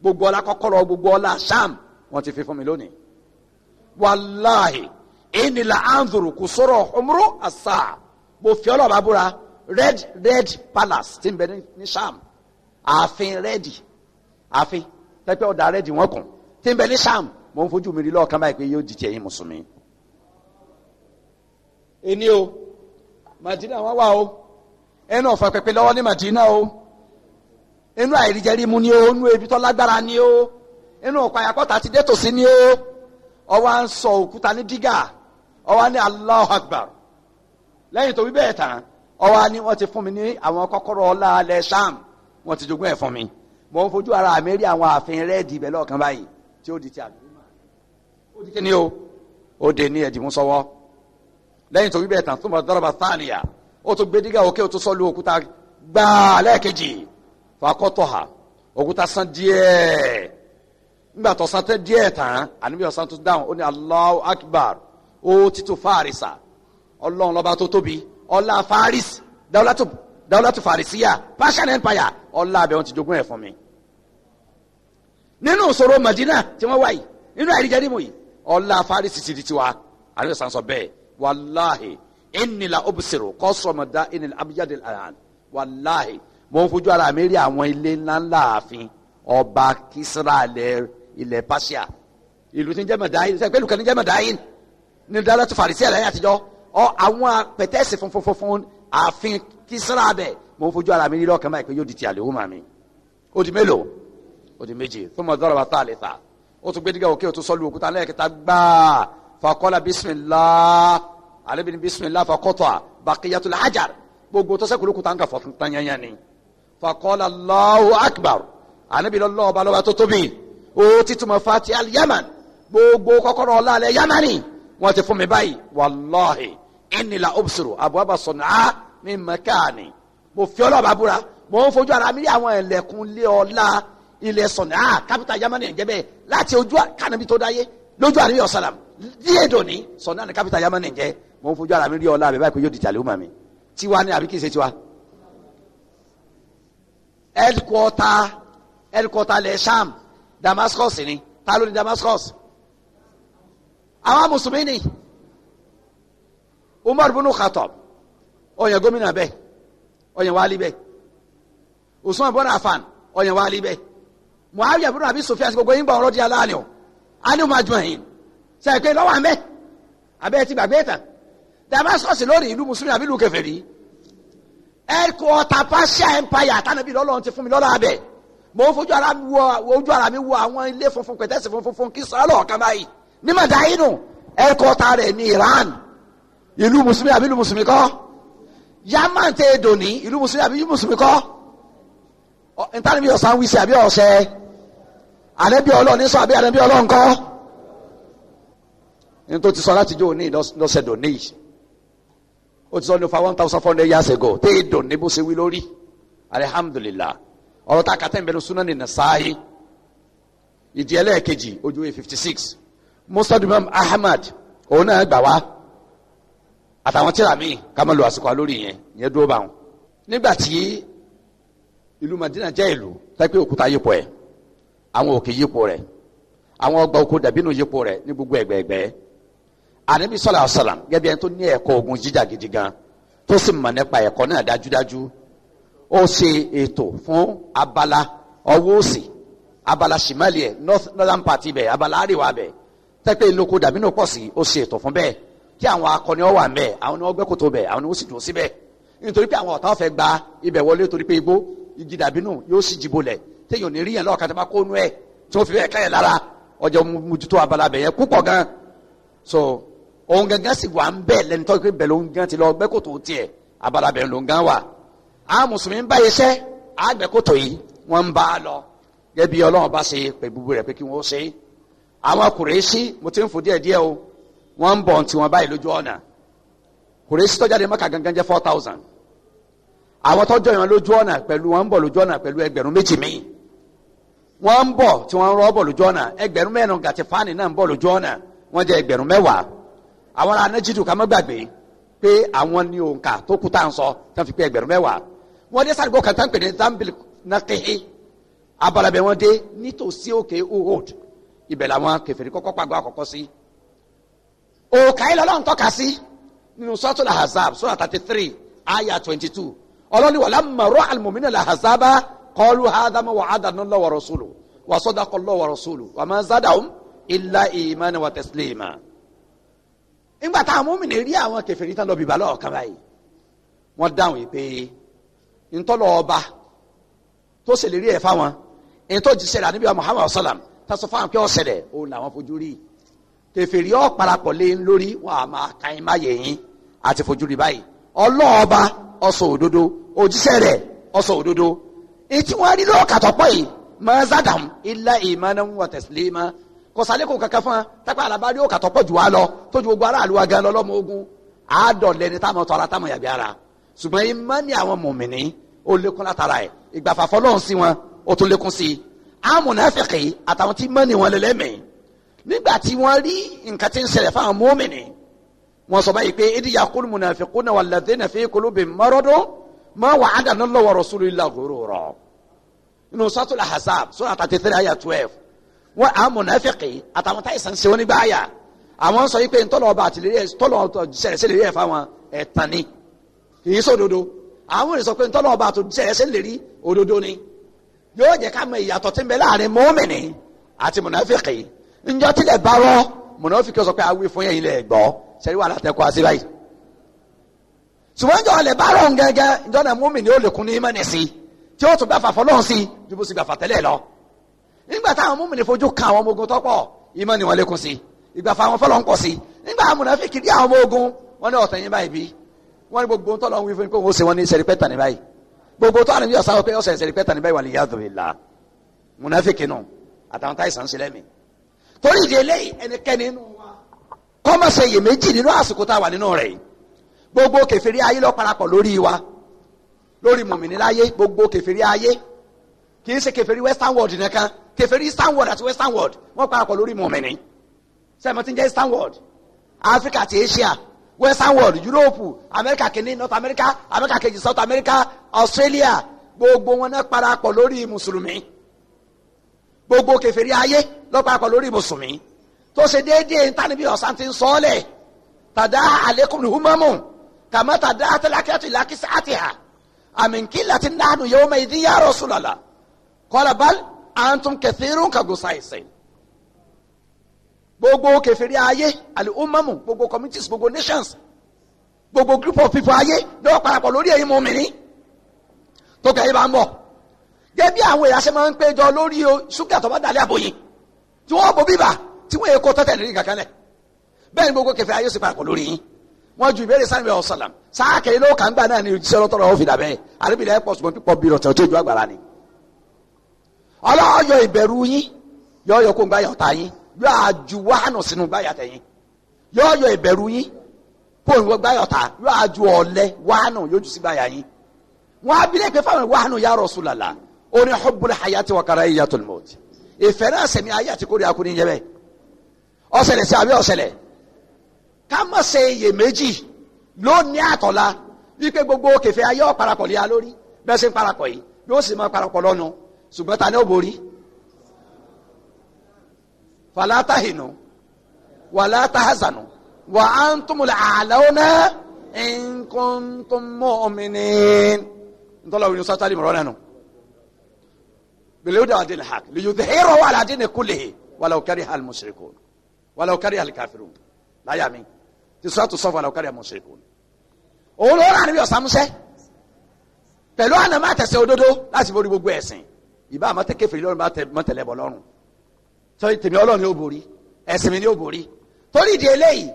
[SPEAKER 1] gbogbo ọlá kọ́kọ́rọ́ gbogbo ọlá sham wọ́n ti fi fún mi lónìí wàláhì ẹni là kò sọ̀rọ̀ ọmọrò àṣà mo fi ọlọ́ba búra red red palace ti ń bẹ ní sham ààfin red ààfin pẹpẹ ọ̀dà red wọn kàn ti ń bẹ ní sham mo ń fojú mi rí lọ́ọ̀kan báyìí pé yóò di tiẹ̀ yín mùsùlùmí ẹni o madina wọn wà o ẹnu ọ̀fà pẹpẹ lọ́wọ́ ní madina o ẹnu àìríjẹrí mu ni o ẹnu ebi tó lágbára ni o ẹnu ọ̀pá àyàkọ́ta ti dé tòsí ni o ọwọ́ ń sọ òkúta ní dígà ọwọ́ ní Allahu Akbar lẹ́yìn tó wí bẹ́ẹ̀ tán ọwọ́ à ní wọ́n ti fún mi ní àwọn kọ́kọ́rọ́ ọlá alẹ́ sam wọ́n ti jogún ẹ̀ fún mi mo ń fojú ara mi rí àwọn ààfin rẹ́ẹ̀dì ibẹ̀ lọ́ọ̀kan báyìí tí ó di ti àdúgbò ó di kí ni o ó de ní ẹ̀dìmú sọ́wọ́ lẹ́yìn tó wí bẹ́ẹ̀ tán súnmọ́ dọ́rọ̀bà sáàníyà ó tún gbẹdígà òkè ó tún sọ́lú òkúta gbáà lẹ́ẹ̀kejì fàkọ́tọ̀ ha òkúta san díẹ̀ nígbà tó san tẹ́ díẹ̀ tán àníbi ọ̀sán tó dáhùn ó ní Allahu Akbar ó títú fàrísà ọlọ́run lọ́ba tó tóbi ọlá fàrísì dáwọ́látò dáwọ́látò fàrísíyà Persian Empire ọlá abẹ wọn ti jogún ẹ̀ fún mi nínú ìṣòro Madina tí wọ́n wáyé nínú àìríjẹ́rìmù yìí ọlá fàrísì wàláhì ìnìlà òbísìrò kọ́ sọmọdá ìnìlà abiyadé àhàn wàláhì mo ń fojú ara mi rí àwọn ilé ńláńlá ààfin ọba kisra ilẹ̀ pasia ìlú tí ń jẹ́ mọ̀dáyìn sẹ́yìn pẹ̀lú kan ní jẹ́ mọ̀dáyìn ní dáadáa tó fàrísí ẹ̀láyà àtijọ́ ọ àwọn pẹ̀tẹ́sì funfun funfun ààfin kisra bẹ̀ mo ń fojú ara mi rí lọ́kàn báyìí pé yóò di ti àlè òun màmí ó mélòó ó méje fún mọ̀ dọ́rọ̀ bá tá a lè ta ó tún gbé dígà òkè ó tún sọ́lù òkúta lẹ́ẹ̀kẹta gbáà fàkọ́lá bísímìlá ale bi ni bisimilah fa kɔtɔ baqiyatul hajar gbogbo tó ṣẹ́kù lókun tá n ka fɔ tanyanya ni fa qala Allahu akbar ale bi lɔlɔ balɔba tó tóbi o tituma fati al yaman gbogbo kɔkɔrɔ laalɛ yamani wọn ti fún mi báyìí wàlláhi inni la obsoro abuaba sọnà mi mẹkaani mo fi ọlọ́ọ̀bà búra mo ń fojú ara mi rí àwọn ẹlẹ́kùn lé ọ̀la ilẹ̀ sọnà kápítà yamani ẹ̀ láti ojú kanabi tó dáyé lójú àríyọ̀ sàlám díẹ̀ dòní sọnà ni kápítà yamani jẹ́ mo ń fojú ara mi rí ọlá rẹ báyìí pé yóò di tàlẹ́ ọmọ mi tiwa ni àbí kì í ṣe tiwa. ẹdkọta ẹdkọta lẹ sham damascus ni ta ló ni damascus àwọn mùsùlùmí ni umar bunu khatab ọyàn gómìnà bẹ́ẹ̀ ọyàn wàhálì bẹ́ẹ̀ usman bọ́nà afan ọyàn wàhálì bẹ́ẹ̀ muawiya bunu abi sufyan gbogbo yín bá ọ̀rọ̀ di aláàlẹ o ánìmọ àjùmọ̀ yìí sẹ́yìn pé lọ́wọ́ àmẹ́ abẹ́ẹ̀ ti gbàgbé tán dàbá sọ́ọ̀sì lórí ìlú mùsùlùmí àbí ìlú kèfèrí ẹ̀kọ́ta Persia empire tánàbí lọ́lọ́run ti fún mi lọ́la abẹ mò ń fojú ara mi wo ojú ara mi wo àwọn ilé funfun pẹ̀tẹ́sì funfun kí sọ́ọ̀lọ̀ kan báyìí ní mọ̀dáyínù ẹ̀kọ́ta rẹ̀ ní Iran ìlú mùsùlùmí àbí ìlú mùsùlùmí kọ́ Yaman tẹ èdò ní ìlú mùsùlùmí àbí ìlú mùsùlùmí kọ́ ntánàbí ọ̀sán wíṣẹ́ àbí ọ̀sẹ̀ ànẹ́bí ọlọ́ọ̀ ní sọ àbí ànẹ́bí ọlọ́ọ̀ nǹkan ní tó ti sọ láti jó òní lọ́sẹ̀ dòní yìí ó ti sọ ní fa one thousand four hundred years ago tẹ́ ẹ dùn ní bó ṣe wí lórí alihamudulila ọ̀rọ̀ tá a kà tẹ́ ń bẹ̀rù súná ní nasaayi ìdí ẹlẹ́ẹ̀kejì ojú ẹ̀ fifty six musadumam ahmad òun náà gbà wá àtàwọn tíra míì ká má lo àsìkò alórí yẹn yẹn dúró bá wọn. nígbà tí ìlú madina jẹ́ ìlú tẹ́pẹ́ òkúta yípo ẹ̀ àwọn òkè yípo rẹ̀ àwọn ọgbà oko dàbínú yípo rẹ̀ ní gbogbo ẹ̀gbẹ̀ẹ̀gbẹ̀ẹ́ anabi sọlá asalam gẹbi ẹni tó ní ẹ̀kọ́ ogun jíjà gidi gan tó sì mọ̀ nípa ẹ̀kọ́ náà dájúdájú ó ṣe ètò fún abala ọwọ́ òsì abala shimali ẹ north northern party bẹ abala àríwá bẹ tẹpẹ ìlókò dàbínú pọ̀ sí ó ṣe ètò fún bẹ́ẹ̀ kí àwọn akọni ọwà ń bẹ àwọn ni wọ́n gbẹ́kòtò bẹ àwọn ni wọ́n sì dùn síbẹ̀ nítorí pé àwọn ọ̀tá fẹ́ gba ibẹ̀ wọlé torí pé igbó igi dàbínú yóò sì jìbò lẹ̀ téèyàn ní rí yẹn lọ́ọ̀kan tó bá kó nú ẹ̀ tí wọ́n fi bẹ́ẹ̀ kẹ́yẹ̀ lára ọjọ́ mujútó abala bẹ̀ yẹn púpọ̀ gan so òun gangan si wà ń bẹ̀ lẹ́ni ti lọ gbẹ́ kòtò tiẹ̀ abala bẹ̀ gan mùsùlùmí ń bá iṣẹ́ àgbẹ̀ yìí wọ́n ń bá a lọ gẹ́bí ọlọ́run bá ṣe pé gbogbo rẹ̀ pé kí wọ́n ṣe àwọn kùrẹ́sì mo ti ń fò díẹ̀ díẹ̀ o wọ́n ń bọ̀ báyìí lójú ọ̀nà kùrẹ́sì mọ́kà gangan jẹ́ four thousand àwọn lójú ọ̀nà pẹ̀lú àwọn ará anájídù ká má gbàgbé pé àwọn ní òǹkà tó kú tá à ń sọ tó fi pé ẹgbẹ̀rún mẹ́wàá wọ́n dé sàdúgbò kan tó ń pè ní zambil nakihi abalabẹ wọn dé nítòsí òkè uhud ibẹ̀ làwọn kẹfẹ́rí kọ́kọ́ pàgọ́ àkọ́kọ́ sí òǹkà yìí lọ́lọ́run tọ́ka sí nínú sọ́tún lahazab sura thirty three aya twenty two ọlọ́ni wàlá mọ̀rọ́ àlùmọ̀mínà lahazaba kọlu hadama wa adana lọ́wọ́ rasulu wa sọ́dà kọ́ lọ́wọ́ rasulu wa ma zadahum illa imana wa nígbà táwọn múmìnì rí àwọn kèfèrí tán lọ bìbà lọ́ọ̀kan báyìí wọ́n dáhùn yìí pé ntọ́lọ ọba tó ṣèlérí ẹ̀ fáwọn èyí tó jí ṣẹlẹ̀ àníbi Muhammad salam tá a sọ fáwọn pé ó ṣẹlẹ̀ òun làwọn fojú rí kèfèrí ọ̀ parapọ̀ lé lórí wà á máa ka ẹ̀ má yẹ̀ yín àti fojú rí báyìí ọlọ́ọba ó sọ òdodo òjíṣẹ́ rẹ̀ ó òdodo èyí tí rí lọ́ọ̀kà yìí mọ́ zadam illa imanan wa taslima kọsálẹ́kọ̀ọ́ kankan fún wa tápá alábàárí ó kàtọ́ pọ̀ jù wá lọ tójú gbogbo aráàlú wa gan lọ́lọ́mọ ogun àádọ́lẹ̀ ni táwọn tọ́ra táwọn yàgbé ara ṣùgbọ́n ìmánì àwọn mùmìnì ó lékún látara ẹ̀ ìgbàfàfọ́ lọ́hùn sí wọn ó tún lékún sí i àwọn mùnàfẹ́kì àtàwọn tí mọ́nì wọn lẹ́lẹ́mì nígbà tí wọ́n rí nǹkan tí ń ṣẹlẹ̀ fáwọn mùmìnì wọ́n sọ báyìí pé ìdíyà kúlù mùnàfẹ́kù náà wà wọ́n àwọn mọ̀nàfẹ́kì àtàwọn táyì sàn ṣe wọ́n nígbà àyà àwọn sọ wípé ntọ́lọ̀ ọba àtìlẹ́yẹ tọ́lọ̀ ṣẹlẹ̀ṣẹ̀ lè rí ẹ̀fà wọn ẹ̀tàn ni kì í sòdodo àwọn ènìyàn sọ pé ntọ́lọ̀ ọba àtìlẹ́yẹsẹ̀ lè rí òdodo ni yóò jẹ́ ká mọ ìyàtọ̀ tí ń bẹ láàrin mọ́mìnì àti mọ̀nàfẹ́kì njọ́ tilẹ̀ bá rọ́ mọ̀nàfẹ́kì sọ pé awí fún yẹn ilẹ̀ gbọ́ sẹ́rí wà látẹ̀kọ́ àti báyìí ṣùgbọ́n njọ́ nígbà táwọn múmìnì fojú kan àwọn ọmọ ogun tọ́pọ̀ ìmọ̀ ni wọ́n lékún sí ìgbà fáwọn fọlọ́ ń pọ̀ sí nígbà àwọn mùnàfíkì rí àwọn ọmọ ogun wọn ní ọ̀tẹ̀ yín báyìí bí wọn ní gbogbo tọ́lọ̀ ń wí fún mi pé òun ó ṣe wọn ní sẹ̀rípẹ́tà ní báyìí gbogbo tọ́lọ̀ ní ọ̀sán pé ọ̀sẹ̀ sẹ̀rípẹ́tà ní báyìí wà lè yá dùn ìlà mùnàfíkì nù àtàwọn táìsàn sílẹ̀ mi torí ìdí eléyìí ẹnikẹ́ni nínú wa kó western world nìkan kèfèrí eastern world àti western world wọ́n parapọ̀ lórí mọ̀mẹ́ni sẹ́mi ti ń jẹ́ eastern world africa àti asia western world europe america kìíní north america america kejì south america australia gbogbo wọn náà parapọ̀ lórí mùsùlùmí gbogbo kèfèrí ayé ló parapọ̀ lórí mùsùlùmí tó ṣe déédéé ntánibí ọ̀sán ti ń sọ ọ́ lẹ̀ tàdá àlékún humamu kàmá tàdá àtàlákẹ́tù ìlàkísí àtìhà àmì nkí láti nánú yẹ́wọ́mẹ́ ìdíyàrá Rasulullah kọ́lá bal antum kathirun kagosaisin gbogbo kèfèrí ayé àlè umamu gbogbo communities gbogbo nations gbogbo group of people ayé lọ́wọ́ parapọ̀ lórí èyí mọ̀mìnrin tó kẹ́ yìí bá ń bọ̀ gẹ́gẹ́ bí àwọn èèyàn ṣe máa ń péjọ lórí ṣúgà tó bá dàlẹ́ àbòyìn tí wọ́n bò bíbà tí wọ́n èkó tọ́tẹ̀ nínú kankan lẹ̀ bẹ́ẹ̀ ni gbogbo kèfèrí ayé sì parapọ̀ lórí yín wọ́n ju ìbéèrè sanni bẹ́ẹ̀ ọ̀sán làm sáà kẹ́yìn lọ́wọ́ kàńgbà náà ni òjíṣẹ́ lọ́tọ́rọ̀ ó fi dà bẹ́ẹ̀ àríbi ọlọ́yọ̀ ìbẹ̀rù yín yóò yọ kó ń gbáyà ọ̀tá yín yóò àjù wánà sínú gbáyà tẹ̀yìn yóò yọ ìbẹ̀rù yín kó ń gbáyà ọ̀tá yóò àjù ọ̀lẹ wánà yóò jù sí gbáyà yín wọn abilé pé fáwọn wánà ya Rasulullah ó ní hubbul hayati wa karahiyatul maut ìfẹ́ náà sẹ̀mí ayé àti kórè akuni yẹ bẹ́ẹ̀ ọ̀sẹ̀lẹ̀ sí abẹ́ ọ̀sẹ̀lẹ̀ ká má ṣe iyèméjì lónìí àtọ̀la wípé gbogbo kẹfẹ́ ayé ọ̀ lé a bẹ́ẹ̀ sì ń yìí yóò sì máa parapọ̀ lọ́nu ṣùgbọ́n ta ni ó borí falatahinu walatahasanu wa antumul alawna in kuntum mu'minin ntọ́lá wíwọ́n sọ́tà lè mọ̀rọ́ nánu bilhuda wa dini haq liyudhhirahu ala dini kullihi walaw kariha al-mushrikun walaw kariha al-kafirun láyà mi ti sọ́tù sọ́fù walaw kariha al-mushrikun òun ló rà níbi ọ̀sán musẹ́ pẹ̀lú ànàmọ́ àtẹ̀sẹ̀ òdodo láti borí gbogbo ẹ̀sìn ìbá àmọ́tẹ́ kẹfìrí lọ́rùn bá mọ́tẹ́lẹ̀ bọ̀ lọ́rùn sọyìn tèmi ọlọ́run ni ó borí ẹ̀sìn mi ni ó borí torí ìdí eléyìí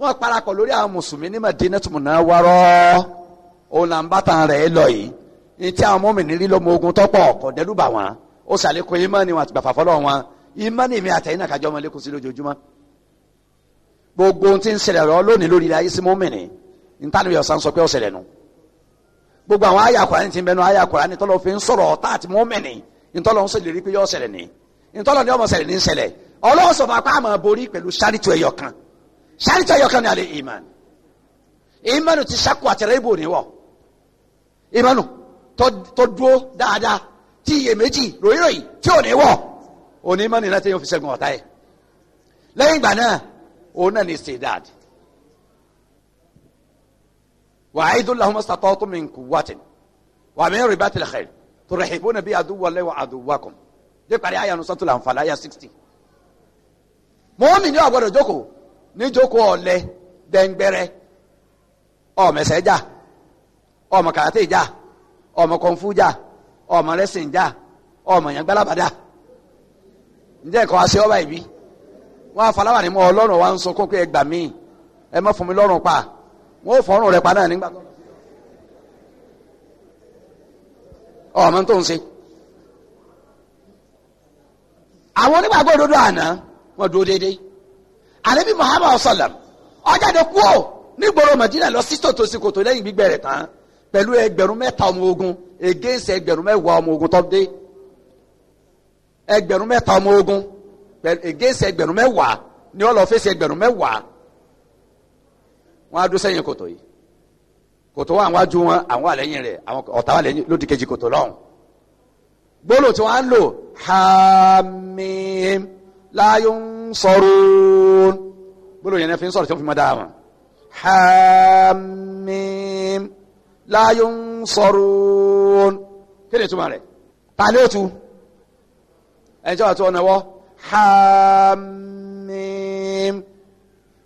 [SPEAKER 1] wọ́n parapọ̀ lórí àwọn mùsùlùmí ní Madinatu Munawwarah òun là ń bàtà rẹ̀ lọ yìí ní tí àwọn mọ́mìnì rí lọ́mọ ogun tọ́pọ̀ ọ̀kọ̀ dẹ́rùbà wọn ó ṣàlékún ìmánì wọn àtìgbà fàfọ́lọ́ wọn ìmánì mi àtẹ̀yìn àkàjọ ọmọ lẹ́kùn sí lójoojúmọ́ gbogbo ohun tí ń ṣẹlẹ̀ rọ lónìí lórí ayé sí mọ́mìnì ní tánìyàn sàn sọ pé ó nù gbogbo àwọn àyà Kùránì ti ń bẹnu àyà Kùránì tọ́lọ́ fi ń sọ̀rọ̀ ọ̀tá àti mọ́mìnì ntọ́lọ́ ń ṣèlérí pé yọ ṣẹlẹ̀ ní ntọ́lọ́ ni ọmọ ṣẹlẹ̀ ní ṣẹlẹ̀ ọlọ́wọ́ sọ fapá àmọ́ borí pẹ̀lú ṣáàrìtì ẹyọ kan ṣáàrìtì ẹyọ kan ni àlẹ́ ìmàn ìmànù ti ṣàkó àtẹrẹ ibò níwọ̀ ìmànù tó dúó dáadáa tí iyèméjì ròyìnròyìn tí ò ní wọ̀ òní ìmànù náà tẹ́yìn òfin ṣẹ́gun ọ̀tá ni sèdáàdì وأعيدوا لهم استطعتم من قوة ومن ربات الخيل ترحبون به عدو الله وعدوكم dé parí àyà nù sọ́tò lànfààní àyà sixty. mọ́mí ni ọ̀gbọ́dọ̀ jókòó ní jókòó ọ̀lẹ dẹ́ngbẹ́rẹ́ ọ̀mẹsẹ̀ jà ọmọ kàràtẹ́ jà ọmọ kọ̀ǹfù jà ọmọ rẹ́sìn jà ọmọ yẹn gbálábàdà ǹjẹ́ nǹkan aṣẹ́ ọba ìbí wọ́n afọláwà ni mo ọlọ́run wa ń sọ kó pé ẹ fún mi lọ́rùn pa wọn ò fọrùn padà nígbà tó ọmọ tó ń ṣe àwọn onígbàgbọ́ òdodo àná wọn dúró déédéé àlebi Muhammad sallam ọjàde kú ò nígboro Madina lọ sí tòtòsí kòtò lẹ́yìn gbígbẹ rẹ̀ tán pẹ̀lú ẹgbẹ̀rún mẹ́ta ọmọ ogun egéńsì ẹgbẹ̀rún mẹ́wàá ọmọ ogun tó dé ẹgbẹ̀rún mẹ́ta ọmọ ogun egéńsì ẹgbẹ̀rún mẹ́wàá ni ó ẹgbẹ̀rún mẹ́wàá wọ́n á dúró sẹ́yìn kòtò yìí kòtò wà wájú wọn àwọn wà lẹ́yìn rẹ̀ àwọn ọ̀tá wà lẹ́yìn lódì kejì kòtò lọ́hùn gbólò tí wọ́n á lò hamim láyún sọ̀rọ̀ gbólò yẹn fi ń sọ̀rọ̀ tí wọ́n fi mọ́ dáa wọn hamim láyún sọ̀rọ̀ kí ni ìtumọ̀ rẹ̀ ta ni ó tu ẹ̀jẹ̀ wà tó ọ̀nà wọ́ hamim.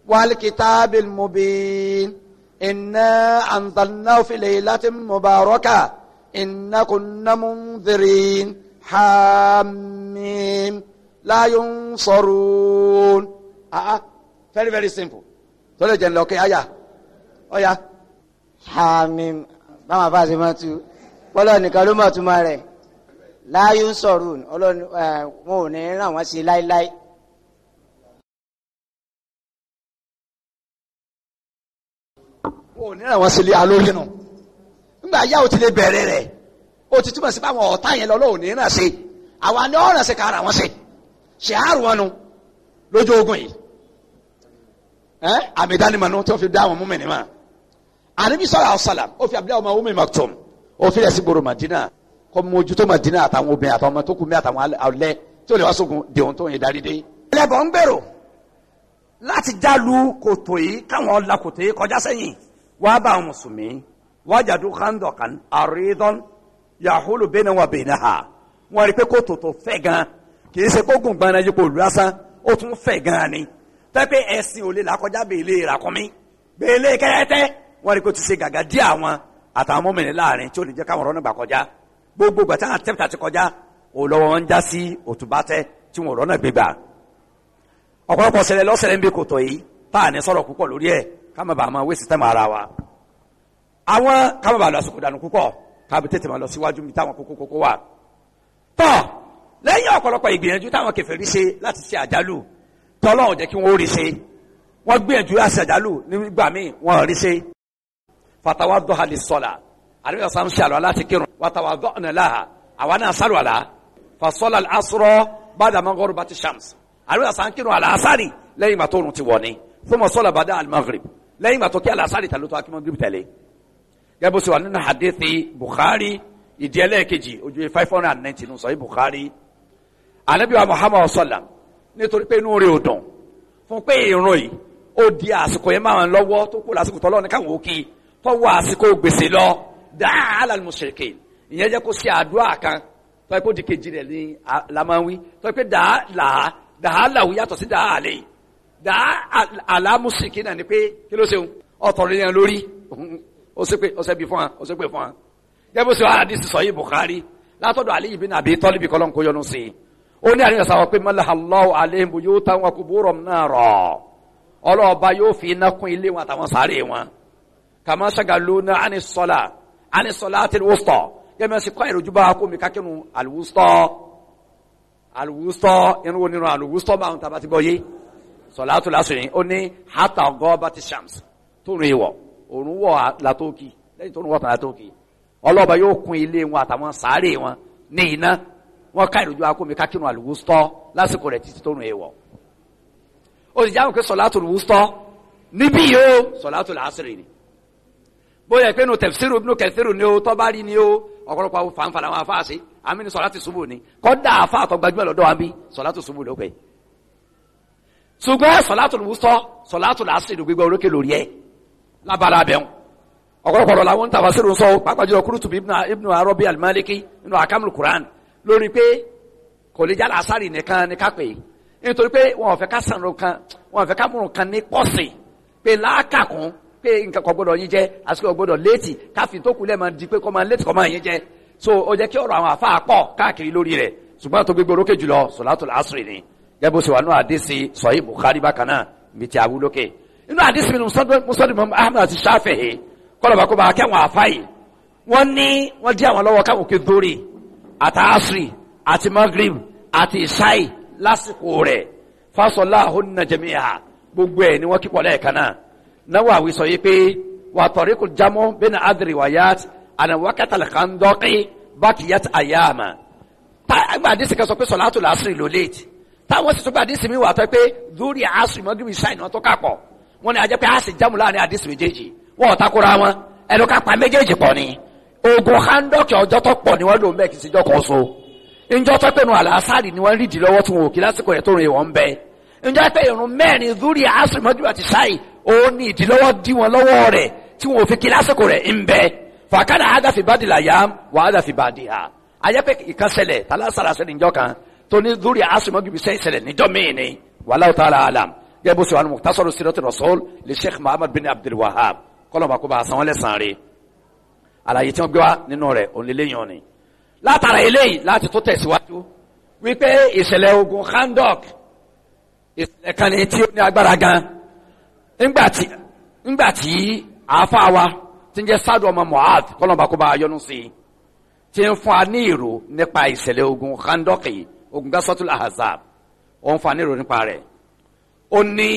[SPEAKER 1] والكتاب المبين إنا أنزلناه في ليلة مباركة إنا كنا منذرين حاميم لا ينصرون آه very very simple tó lè jẹ́ ní ọkẹ́ ayá ọ̀yá. حاميم báwọn afá ṣe máa tu bọ́lá nìkan ló mọ̀ túmọ̀ rẹ̀ la yunsarun ọlọ́run wọn ò ní ràn wọ́n sí láéláé. ò ní àwọn sílé alórí nù nígbà yá o ti lè bẹ̀rẹ̀ rẹ̀ o ti túmọ̀ sí pé àwọn ọ̀tá yẹn lọ́lọ́ ò ní ràn sí àwa ni ọ̀ràn sí kára wọn sí ṣe àrùn wọn nu lójú ogun yìí ẹ àmì ìdánimọ̀ nu tí wọ́n fi dá àwọn múmi nìmọ̀ àníbi sọ̀rọ̀ àwòsàlà ó fi abdulayi ọmọ wumi maktum ó fi ẹ̀sìn gbòòrò madina kọ́ mójútó madina àtàwọn obìnrin àtàwọn ọmọ tó kú mi àtàwọn alẹ́ tí ó lè wá sógun dèhùn tó yẹn darí dé. ẹlẹ́bọ̀ ń gbèrò láti jálu kòtò yìí káwọn la kòtò yìí kọjá sẹ́yìn wàá bá àwọn mùsùlùmí wájàdú khandọkan àrídọ́n yahulu bẹ́ẹ̀ náà wà bẹ́ẹ̀ náà ha wọ́n rí i pé kó tòótọ́ fẹ́ gan kì í ṣe kó gùn gbọ́n náà yípo olùdásán ó tún fẹ́ gan ni pẹ́pẹ́ ẹ̀sìn ò lè làkọjá bèèlè ràkúnmí bèèlè kẹ́rẹ́tẹ́ wọ́n rí i pé ó ti ṣe gàgà dí àwọn àtàwọn mọ́mìnrin láàrin tí ó lè jẹ́ káwọn ọ̀rọ̀ náà gbà kọjá gbogbo ìgbà táwọn tẹ́pítà ti kọjá òlọ́wọ́ wọn ń já sí òtúbátẹ́ tí wọn ọ̀rọ̀ náà gbégbà ọ̀pọ̀lọpọ̀ ṣẹlẹ̀ lọ́sẹ̀lẹ̀ ń bí kòtò yìí táà ní sọ̀rọ̀ púpọ̀ lórí ẹ̀ ká má bàa máa wé sísítẹ́mù ara wa àwọn ká má bàa lọ àsìkò dànù púpọ̀ ká bí tètè máa lọ síwájú mi táwọn kókó kókó wà. tọ́ lẹ́yìn ọ̀pọ̀lọpọ̀ ìgbìyànjú táwọn kèfèrí ṣe láti ṣe àjálù tọ́lọ́run jẹ́ kí wọ́n rí ṣe wọ́n gbìyànjú láti ṣe àjálù nígbà míì wọ́n rí ṣe. fatawa dọ́ha lè sọ̀la àdébíyàn sàm ṣe àlọ́ láti kírun wàtàwà dọ́ọ̀nà láha àwa náà sálù àlá fasọ́lá asọ́rọ́ bàdà bàtí shams àdébíyàn sàm kírun àlá asárì lẹ́yìn bàtọ́run ti wọ̀ ni fún mọ́sọ́lá bàdà al lẹ́yìn ìgbà tó kí alasari tàló tó akímọ̀ gírí tẹ̀lé gẹ́gẹ́ bó ṣe wà nínú hadithi bukhari ìdí ẹlẹ́ẹ̀kejì ojú five hundred and ninety nù sọ́yìn bukhari anabi wa muhammadu sallam nítorí pé inú rẹ̀ ò dùn fún pé ìrun yìí ó di àsìkò yẹn máa ń lọ́wọ́ tó kó lásìkò tọ́lọ́ ní káwọn òkè tọ́wọ́ àsìkò gbèsè lọ dáa alal mushrikin ìyẹn jẹ́ kó ṣe àdúrà kan tọ́ ẹ kó di kejì rẹ̀ ní lamanwi tọ́ ẹ pé dáa là dáa làwù yàtọ̀ sí dáa àlè yìí dá àlámùsìkì náà ni pé kí ló ṣeun ọtọrin yẹn lórí ó ṣe pé ó ṣe bí fún wa ó ṣe pé fún wa yẹ bó ṣe wà hadith sọ yìí Bukhari látọ̀dọ̀ Ali ibn Abi Talib kọ́lọ́n kó yọnu sí i ó ní àríyàn sáwọn pé mọ́lá aláwọ̀ alẹ́ ìbò yóò táwọn kuburum náà rọ̀ ọlọ́ọ̀ba yóò fi iná kún ilé wọn àtàwọn sáré wọn kàmá ṣàgàlónà ànisọ́là ànisọ́là àti wùsọ̀ gẹ́gẹ́ sì kọ́ ìròjúbà kó mi kákínú àlùwùsọ̀ àlùwùsọ̀ irun onírun àlùwùsọ̀ máa ń tàbá ti bọ́ yé sọ̀látù lásìrì ó ní hata gọ́ọ́bà ti shams tó rìn wọ̀ òrùn wọ̀ látòkì lẹ́yìn tó rìn wọ̀ látòkì ọlọ́ba yóò kún ilé wọn àtàwọn sàárè wọn ní iná wọn ká ìrújú akómi kákínú àlùwústọ́ lásìkò rẹ̀ títí tó rìn wọ̀ ó sì jáwé pé sọ̀látù lùwústọ́ níbí yóò sọ̀látù lásìrì ni bóyá pé nu tẹ̀fsíru nu kẹ̀síru ni o tọ́ba ni o ọ̀pọ̀lọpọ̀ fanfàlà wọn afáàsì àmì ni sọ̀látù ṣubú ni kọ́dà afáàtọ̀ gbajúmọ̀ lọ́dọ̀ wa bí sọ̀látù ṣubú ló pè ṣùgbọ́n sọ̀látò ló sọ sọ̀látò làásì ló gbégbá orókè lórí ẹ̀ lábala abẹ́hùn ọ̀pọ̀lọpọ̀ làwọn tàbá sí ló sọ pàápàá jùlọ kúrútù ibnu arọ́bí alimaliki nínú akamul quran lórí pé kò lè jáde asárì nìkan ní kápẹ́ nítorí pé wọn ò fẹ́ ká sànù kan wọn ò fẹ́ ká múrun kan ní pọ́sì pé láàkàkún pé nǹkan kan gbọ́dọ̀ yín jẹ́ àsìkò gbọ́dọ̀ léètì káfíń tó kulẹ̀ máa di pé kọ́ máa léètì kọ́ máa yín jẹ́ so ó jẹ́ kí ọ̀rọ̀ àwọn àfa àpọ̀ káàkiri lórí rẹ̀ ṣùgbọ́n tó orókè jùlọ sọ̀látò làásùrì ni gẹ́gẹ́ bó ṣe wà nínú àdìsí sọ̀yìn Bukhari bákan náà mi ti awúlò kè inú àdìsí mi musọ́dún mọ́ Ahmed àti Shafi'i kọ́lọ̀bà kó bá kẹ́wọ̀n àfáyì wọ́n ní wọ́n dí àwọn lọ́wọ́ káwọn kí dórí àti asri àti magrib àti isai lásìkò rẹ̀ fásọlá ahunna jamiha gbogbo ẹ̀ ni wọ́n kí pọ̀lẹ́ ẹ̀ka náà Nawawi sọ yìí pé wà tọ̀ríkù jámọ́ bẹ́ẹ̀ adri wayat àná wákàtàlẹ̀ kan dọ́kì àyàmà. àgbà àdìsí kan sọ pé sọlá tó lásìrì ló léètì táwọn sì tún gba àdísì mi wà tó pé lórí àásù ìmọ̀gírì ṣáì náà tó kàpọ̀ wọn ni àjẹpẹ́ àásì jámù láàrin àdísì méjèèjì wọn ò takora wọn ẹnu ká méjèèjì pọ̀ ni ogun handọ́kì ọjọ́ tó pọ̀ ni wọ́n lò mẹ́kì síjọ́ kan so njọ́ tó pẹ̀nu àlàásáàrì ni wọ́n rídìí lọ́wọ́ tí wọn ò kí lásìkò yẹn tó rìn wọ́n bẹ́ njọ́ pé irun mẹ́rin lórí àásù ìmọ̀gírì àti ṣáì òun ni ìdílọ́wọ́ dí wọn lọ́wọ́ rẹ̀ tí wọn ò fi kí lásìkò rẹ̀ ń bẹ́ fàkàdà àdàfibadìlàyà wà àdàfibadìhà àyẹ́pẹ́ ìkànsẹ̀lẹ̀ tàlásàlàsẹ̀ níjọ́ kan tó ní lórí asimagi bí sẹ́yìn ṣẹlẹ̀ níjọ́ míì ni wàhálà ọ̀tá ala alam gẹ́gẹ́ bó ṣe wàhánu mọ̀tásọ̀rọ̀ sirati rasul lè sheikh muhammad bin abdul wahab kọ́lọ́mà kó bá a san wọ́n lẹ́sàn-án rẹ̀ àlàyé tí wọ́n gbé wa nínú rẹ̀ òǹlẹ́lẹ́yìn ni látara eléyìí láti tó tẹ̀síwájú wípé ìṣẹ̀lẹ̀ ogun khandok ìṣẹ̀lẹ̀ kan ni tí ó ní agbára gan ńgbàtí ńgbàtí àáfà wa tí ń jẹ́ sádù ọmọ mu'adh kọ́lọ́mà kó bá a yọnu sí i tí ń fún wa ní ìrò nípa ìṣẹ̀lẹ̀ ogun khandok yìí ogun gasatul ahazab òun fa nírò nípa rẹ̀ ó ní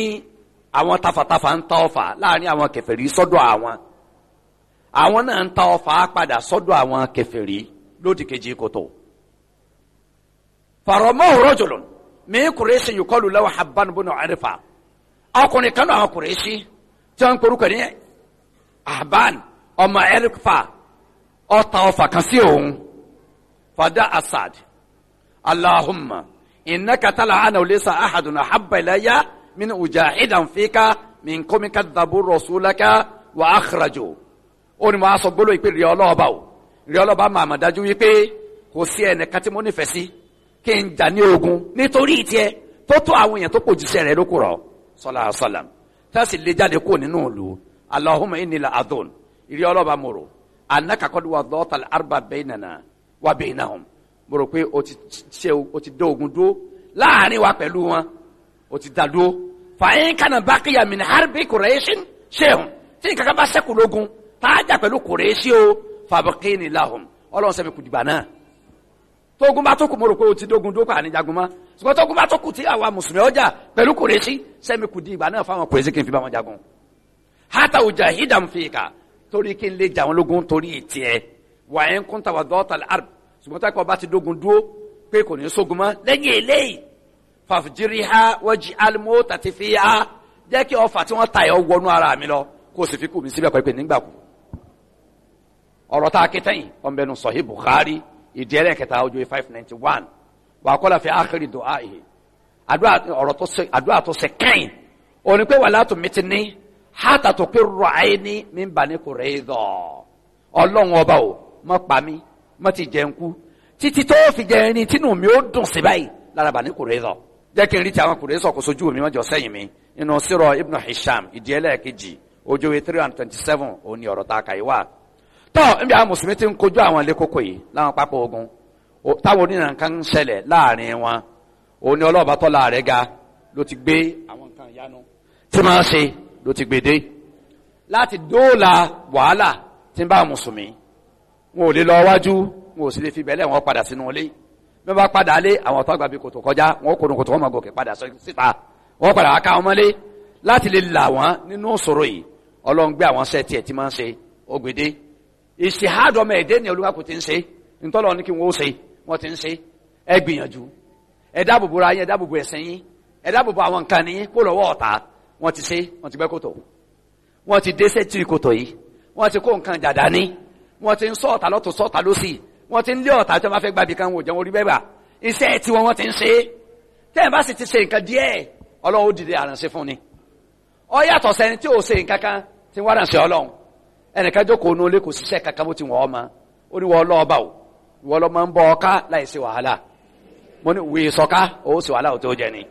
[SPEAKER 1] àwọn tafàtafà ń ta ọfà láàrin àwọn kèfèrí sọ́dọ̀ àwọn àwọn náà ń ta ọfà padà sọ́dọ̀ àwọn kèfèrí lódì kejì kòtò faramọ́ rọ́jòló mi kùrẹ́sì yìí kọlu lọ́wọ́ habban bùnú àrífà ọkùnrin kan náà kùrẹ́sì tí wọ́n ń korúkọ ní habban ọmọ àrífà ọta ọfà kan sí òun fada asad اللهم إنك تلعن وليس أحد أحب إلي من أجاهدا فيك من قوم كذبوا رسولك وأخرجوا ó ní mo á sọ gbólóyìn pé rí ọlọ́ọ̀bá o rí ọlọ́ọ̀bá máa mọ̀ dájú wípé kò sí ẹnìkan tí mo nífẹ̀ẹ́ sí kí n jà ní ogun nítorí tiẹ̀ tó tó àwọn èèyàn tó kò jíṣẹ́ rẹ̀ lóko rọ̀ sọlá sọlá tá lè jáde kúrò nínú ìlú Allahumma inni la rí ọlọ́ọ̀bá mo rò ànákàkọ́dúwà dọ́ọ̀tà bẹ́ẹ̀ nana wà bẹ́ẹ̀ náà mo rò pé o ti ṣe o ti dá ogun dúró láàrin wa pẹ̀lú wọn o ti dá dúró fàyín kànáà bá kíyà mí ní harbi kùrẹ́ṣin ṣéhùn tí nǹkan kan bá ṣẹ́kù lógun tá a jà pẹ̀lú kùrẹ́ṣin o fàbọ̀kì ni làhùn ọlọ́run sẹ́mi kù dìgbà náà tógun bá tó kù mo rò pé o ti dógun dúró pàání jagun mọ́ ṣùgbọ́n tógun bá tó kù tí àwa mùsùlùmí ọjà pẹ̀lú kùrẹ́ṣin sẹ́mi kù dìgbà náà fáwọn kùrẹ́ṣin kì í fi bá wọn jagun
[SPEAKER 2] hata ujahidam
[SPEAKER 1] fika torí kí n lè jà wọn lógun torí ìtì ṣùgbọ́n tá a kọ́ bá ti dógun dúró pé kò ní sógun mọ́ lẹ́yìn eléyìí fàfjiriha wọ́jì alimọ́ tàti fi ha jẹ́ kí ọfà tí wọ́n ta ẹ̀ wọnú ara mi lọ kó o sì fi kù mí síbẹ̀ pẹ́pẹ́ nígbà kú. ọ̀rọ̀ tá a ké tẹ́yìn ọ̀nbẹ́nu sọ̀hí Bukhari ìdí ẹlẹ́kẹta ojú five ninety one wà á kọ́lá fi ákìrì dùn áhì àdúrà tó ṣe kẹ́yìn òní pé wàhálà tó mi ti ní hátà tó pé rọ̀ ayé ní mi bà ní kò rẹ́ dọ̀ ọlọ́run ọba o mọ̀ pa mí má ti jẹun kú títí tó fi jẹ ẹni tínú mi ó dùn sí báyìí lára Bani Kurayza jẹ́ kí n rí ti àwọn Kurayza kò sojú mi mọ́jọ sẹ́yìn mi inú sírọ̀ Ibn Hisham ìdíyẹlẹ̀ kejì ojowe three hundred twenty seven òun ni ọ̀rọ̀ tá a kà yí wá tọ́ níbi àwọn mùsùlùmí ti ń kojú àwọn ilé kókó yìí láwọn pápá ogun táwọn onírànà kan ń ṣẹlẹ̀ láàrin wọn òun ni ọlọ́ọ̀bá tọ́lá rẹ̀ ga ló ti gbé àwọn nǹkan ìyanu tí máa ń ṣe ló ti gbèdé láti dóòlà wàhálà tí ń bá mùsùlùmí wọn ò lè lọ wájú wọn ò sì lè fi bẹ́lẹ̀ wọn padà sínú ilé bí wọ́n bá padà lé àwọn tó àgbà bíi kòtò kọjá wọn kò kòtò wọn máa gòkè padà síta wọn padà wá ká wọn mọ́lé láti lè là wọn nínú ìṣòro yìí ọlọ́run gbé àwọn sẹ́ẹ̀tì ẹ̀ tí máa ń ṣe ògbèdè ìṣèhádọ́mọ ẹ̀dẹ́ ni olúwa kò ti ń ṣe ntọ́lọ́ ní kí wọ́n ó ṣe wọ́n ti ń ṣe ẹ gbìyànjú ẹ dáàbòbò ra yín ẹ dáàbòbò ẹ̀sìn yín ẹ dáàbòbò àwọn nǹkan ní kó lọ́wọ́ ọ̀tá wọ́n ti ṣe wọ́n ti gbẹ́ kòtò wọ́n ti dé sẹ́tì kòtò yìí wọ́n ti kó nǹkan dàdá ní wọ́n ti ń sọ ọ̀tà lọ́tún sọ ọ̀tà lọ́sì wọ́n ti ń lé ọ̀tà tí wọ́n bá fẹ́ gbàbí kan wò jẹun orí bẹ́ẹ̀ bá iṣẹ́ tiwọn wọ́n ti ń ṣe tẹ́ ẹ̀ bá sì ti ṣe nǹkan díẹ̀ ọlọ́run ó dìde àrànṣe fún ni ọ yàtọ̀ sẹ́ni tí ò ṣe nǹkan kan ti wá rànṣẹ́ ọlọ́run ẹnìkan jókòó nu olé kò ṣiṣẹ́ kankan bó ti wọ̀ ọ́ ma ó ní wọ́n ọlọ́ọ̀bà o ìwọ lọ máa ń bọ ọká láì ṣe wàhálà mo ní wèé sọká ó ṣe wàhálà ò tó jẹ ni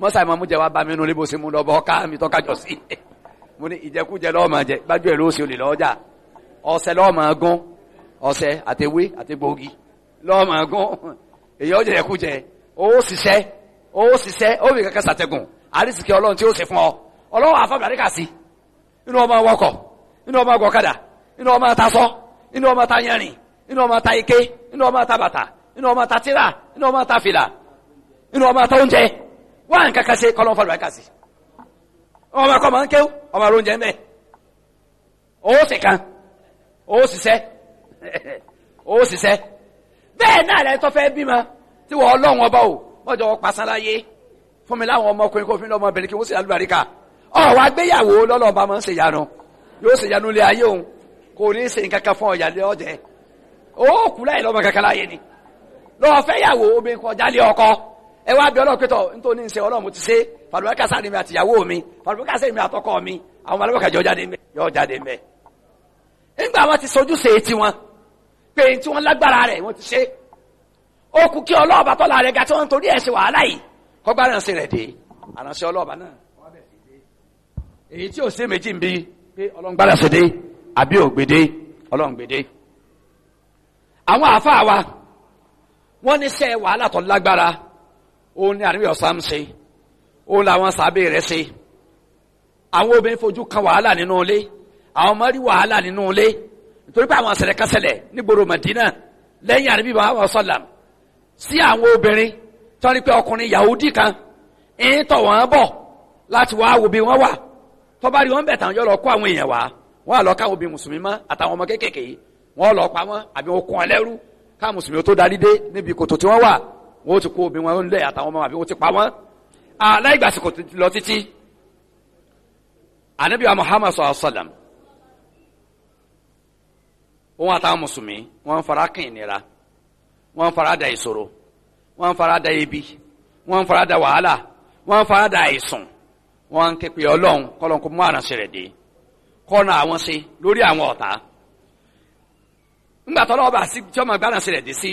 [SPEAKER 1] mọ́sá ìmọ̀ mú jẹ wá bá mi nínú ilé bó ṣe mú lọ bọ ọká mi tọ́ka jọ sí mo ní ìjẹkújẹ lọ́ọ́ máa jẹ gbájú ẹ̀ ló ṣe olè lọ́ọ́ jà ọ̀sẹ̀ lọ́ọ́ máa gún ọ̀sẹ̀ àtẹwé àtẹgbòogi lọ́ọ́ máa gún èyí ó jẹ kú jẹ ó ṣiṣẹ́ ó ṣiṣẹ́ ó fi kankan ṣàtẹ̀gùn àrísìkí ọlọ́run tí ó ṣe fún ọ ọlọ́run àfàbàríkà sí inú ọmọ wọkọ̀ inú ọmọ gọ̀kadà inú ọmọ tasọ inú ọmọ ta yanrìn inú ọmọ ta ike inú ọmọ ta bàtà inú ọmọ ta tírà inú ọmọ ta fìlà inú ọmọ ta oúnjẹ wá nǹkan kan ṣe kọ́lọ́n fàbàríkà sí ọmọ akọ́ máa ń kéw ọmọ aróúnjẹ ń bẹ̀ ó ṣe kan ó ṣiṣẹ́ ó ṣiṣẹ́ bẹ́ẹ̀ náà lẹ́tọ́ fẹ́ bímọ tí wọ́n ọba o mọ́jọ wọn pasán láyé fún mi láwọn ọmọkùnrin kò fi lọ́mọ obìnrin kí wọ́n sì lálùbáríkà ọ̀wá gbéyàwó lọ́lọ́ọ̀ba máa ń ṣe yanu yóò ṣe yanu lé ayé òun kò ní í ṣe nǹkan kan fún ọ̀yà lé ọ̀jẹ̀ ó kú kankan láyé ni lọ́wọ́ fẹ́ yàwó obìnrin kan jálé ọkọ ẹ wá bí ni mi àtìyàwó mi fàdúrà kásá ni mi àtọkọ mi àwọn ọmọ yọ nígbà wọn ti sojúṣe tiwọn pé tí wọn lágbára rẹ̀ wọn ti ṣe ó kú kí ọlọ́ọ̀bà tọ́lá rẹ̀ ga tí wọ́n ń torí ẹ̀ ṣe wàhálà yìí kọ́gbà ránṣẹ́ rẹ̀ dé àránṣẹ́ ọlọ́ọ̀bà náà èyí tí ò ṣe méjì ń bí pé ọlọ́ngbàrà ṣe dé àbí ògbèdé ọlọ́ngbèdé àwọn àáfàá wa wọ́n ní sẹ́ wàhálà tó lágbára òun ni àríwí ọ̀sán ṣe òun làwọn sàbẹ̀ rẹ̀ ṣe àwọn obìnrin fojú kan wàhálà nínú ilé àwọn ọmọ rí wàhálà nínú ilé nítorí pé àwọn àṣẹlẹ̀ kásẹlẹ̀ nígboro Madina lẹ́yìn àríbí bàbá sọ́làm sí àwọn obìnrin tó ní pé ọkùnrin Yahudi kan ń tọ̀ wọ́n bọ̀ láti wá wo bí wọ́n wà tó bá rí wọn bẹ̀ tàn yọ lọ kó àwọn èèyàn wá wọn àlọ́ káwọn obìnrin mùsùlùmí mọ́ àtàwọn ọmọ kéékèèké wọn lọ pa wọn àbí wọn kún ọ káwọn mùsùlùmí tó darí dé níbi kòtò tí wọ́n wà wọn ó ti kó obìnrin wọn lẹ̀ àtàwọn ọmọ àbí wọn àtàwọn mùsùlùmí wọn fara kàn wọn fara da ìṣòro ebi wọn fara da wàhálà wọn fara da àìsàn wọn ń képe ọlọ́run kọ́lọ́n kó mú àránṣẹ́ dé kọ́nà àwọn ṣe lórí àwọn ọ̀tá ńgbà tọ́lọ́wọ́ bá sí jọ́mọ̀ gbá àránṣẹ́ dé sí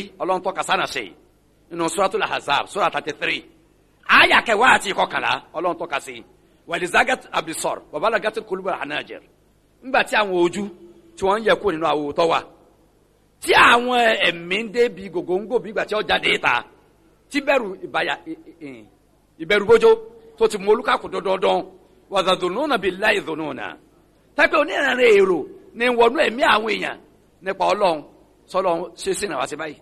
[SPEAKER 1] nínú thirty three àti ìkọkànlá abdulsor tí wọ́n ń yẹ kó nínú àwo tó wà tí àwọn ẹ̀mí ń dé bi gògóńgò bí ìgbà tí ó jáde ta tí bẹ̀rù ìbàyà ìbẹ̀rù bójó tó ti mú olúkàkù dandan wàzàdùnú náà bí láì dùnú náà tẹ́pẹ́ onírànà èrò ni wọnú ẹ̀mí àwọn èèyàn nípa ọlọ́run sọlọ́run ṣe sínú àwa sí báyìí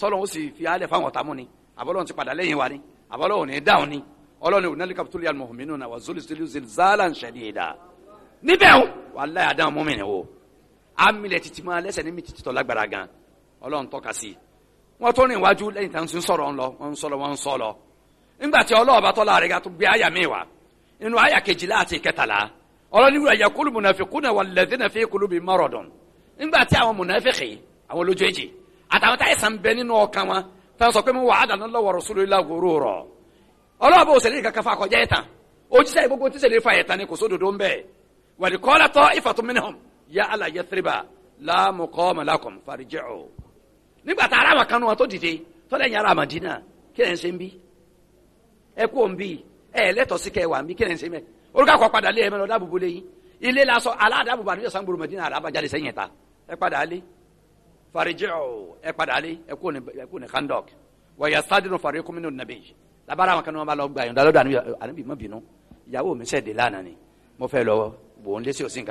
[SPEAKER 1] sọlọ́run ó sì fi alẹ́ fáwọn ọ̀tá mú ni àbọ́lọ́run ti padà lẹ́yìn wa ni àbọ́lọ́run ní dáhùn ni ọlọ́run ìwúnálẹ́ kapitulu yàrá mọ̀hùnmínú amílẹ̀ títí máa lẹ́sẹ̀ ní mi títí tọ́ lágbára gan ọlọ́run tọ́ka sí i wọ́n tó rìn iwájú lẹ́yìn tán ń sọ̀rọ̀ ńlọ wọ́n ń sọ̀rọ̀ wọ́n ń sọ̀rọ̀ nígbà tí ọlọ́ọ̀bá tọ́lá rẹ̀ ga tó gbé àyà mi wá nínú àyà kejìlá àti ìkẹtàlá ọlọ́ni wúlò ẹ̀yà kúlù mùnàfíkúnà wà lẹ́dínà fi kúlù bíi mọ́rọ̀dùn nígbà tí àwọn mùnàfíkì àwọn olójooji àtàwọn táyà sàn bẹ nínú ọkàn yá àlà yẹtìrìbà láàmú kọ́ màlákùm fàrìjẹ́ọ̀ nígbà tá ara màkànnù wọn tó dìde tọ́lẹ̀ yẹn ara màdínà kí lẹ́yìn ṣe ń bí ẹ kú òun bí ẹ lẹ́tọ̀ọ́ sí kẹ́ wà ń bí kí lẹ́yìn ṣe mẹ́ orúkọ àkọ́ padà lé ẹ mẹ́rin ọ̀dàbùbù lẹ́yìn ilé la sọ aládàbùbù àníyàn sangboro màdínà àràbàjáde sẹ́yìn ta ẹ padà lé fàrìjẹ́ọ̀ ẹ padà lé ẹ kú ní kandok wọ̀yà sádìrún fàrìkú mi ní ònàbẹ́yì labara àwọn kan ní wọn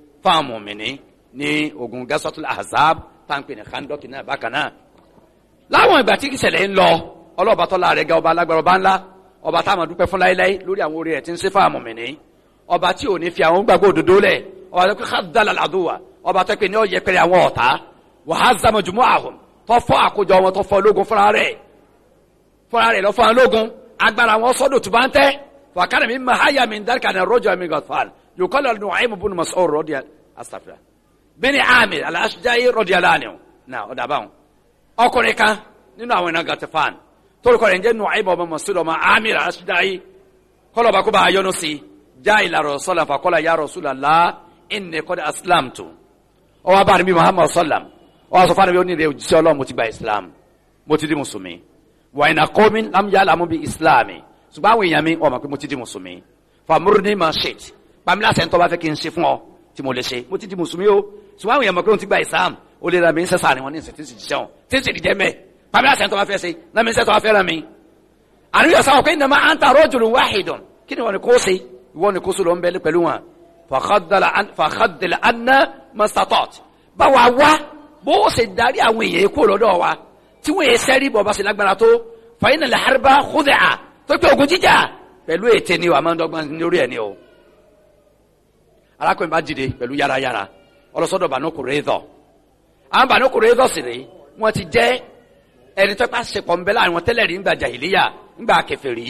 [SPEAKER 1] fáwọn mọ̀mìnì ní ogun gasatul ahzab táǹpì ní khandọ́kì náà bákan náà. láwọn ìgbà tí ìṣẹ̀lẹ̀ ń lọ ọlọ́ọ̀bá tọ́lá rẹ̀ ga ọba alágbára ọba ńlá ọba táwọn dúpẹ́ fún láéláé lórí àwọn orí rẹ̀ tí ń ṣe fáwọn mọ̀mìnì ọba tí ò ní fi àwọn gbàgbọ́ òdodo lẹ̀ ọba tó kí khadala laduwa ọba tó pé ní ọ̀yẹ́ àwọn ọ̀tá wàhálà mọ̀jùmọ́ àhùn tó يقال لنعيم بن مسعود رضي استغفر الله بن عامر الاشجعي رضي الله عنه náà ọ̀dà báwọn ọkùnrin kan nínú àwọn ẹ̀nà Gatifan torúkọ rẹ̀ ń jẹ́ Nu'aym ọmọ Mas'ud ọmọ Amir al-Ashja'i kọlọ̀bà kó bá a yọnu sí já ìlà Rasulullah faqala ya Rasulallah inni qad aslamtu ọwọ́ abá níbi Muhammad sallam ọwọ́ sọ fánàbí oníire òjíṣẹ́ Ọlọ́run mo ti gba Islam mo ti di mùsùlùmí wa inna qawmin lam ya'lamu bi islami ṣùgbọ́n àwọn èèyàn mi wọ́n mọ̀ pé mo ti di mùsùlùmí famurni ma shit pamela sẹ́ńtọ́ bá fẹ́ kí n ṣe fún ọ tí mo lè ṣe mo ti di mùsùlùmí o ṣùgbọ́n àwọn èèyàn mọ̀ pé òun ti gba ìsáàmù ó lè ra mi ń sẹ́sà ni wọ́n ní ìsìn tí ń sì jíṣẹ́ wọn tí ń sì dìjẹ́ mẹ́ pamela sẹ́ńtọ́ bá fẹ́ ṣe náà mi ń sẹ́sà wá fẹ́ ra mi. àníyàn sáwọn pé nàmá anta rajulun wahidun kí ni wọ́n ni kó ṣe ìwọ kó ṣe lọ ń bẹ pẹ̀lú wọn. fàkàdàlà anna mastatot pẹ̀lú ète ni wàá máa ń dọ́gbọ́n lórí ẹ̀ ni o. arákùnrin bá dìde pẹ̀lú yara ọlọ́sọ́dọ̀ bànúkùnrin ẹ̀dọ̀ àwọn bànúkùnrin ẹ̀dọ̀ sì rèé ti ẹni wọn tẹ́lẹ̀ rí ńgbà jàhìlíyà ńgbà kèfèrí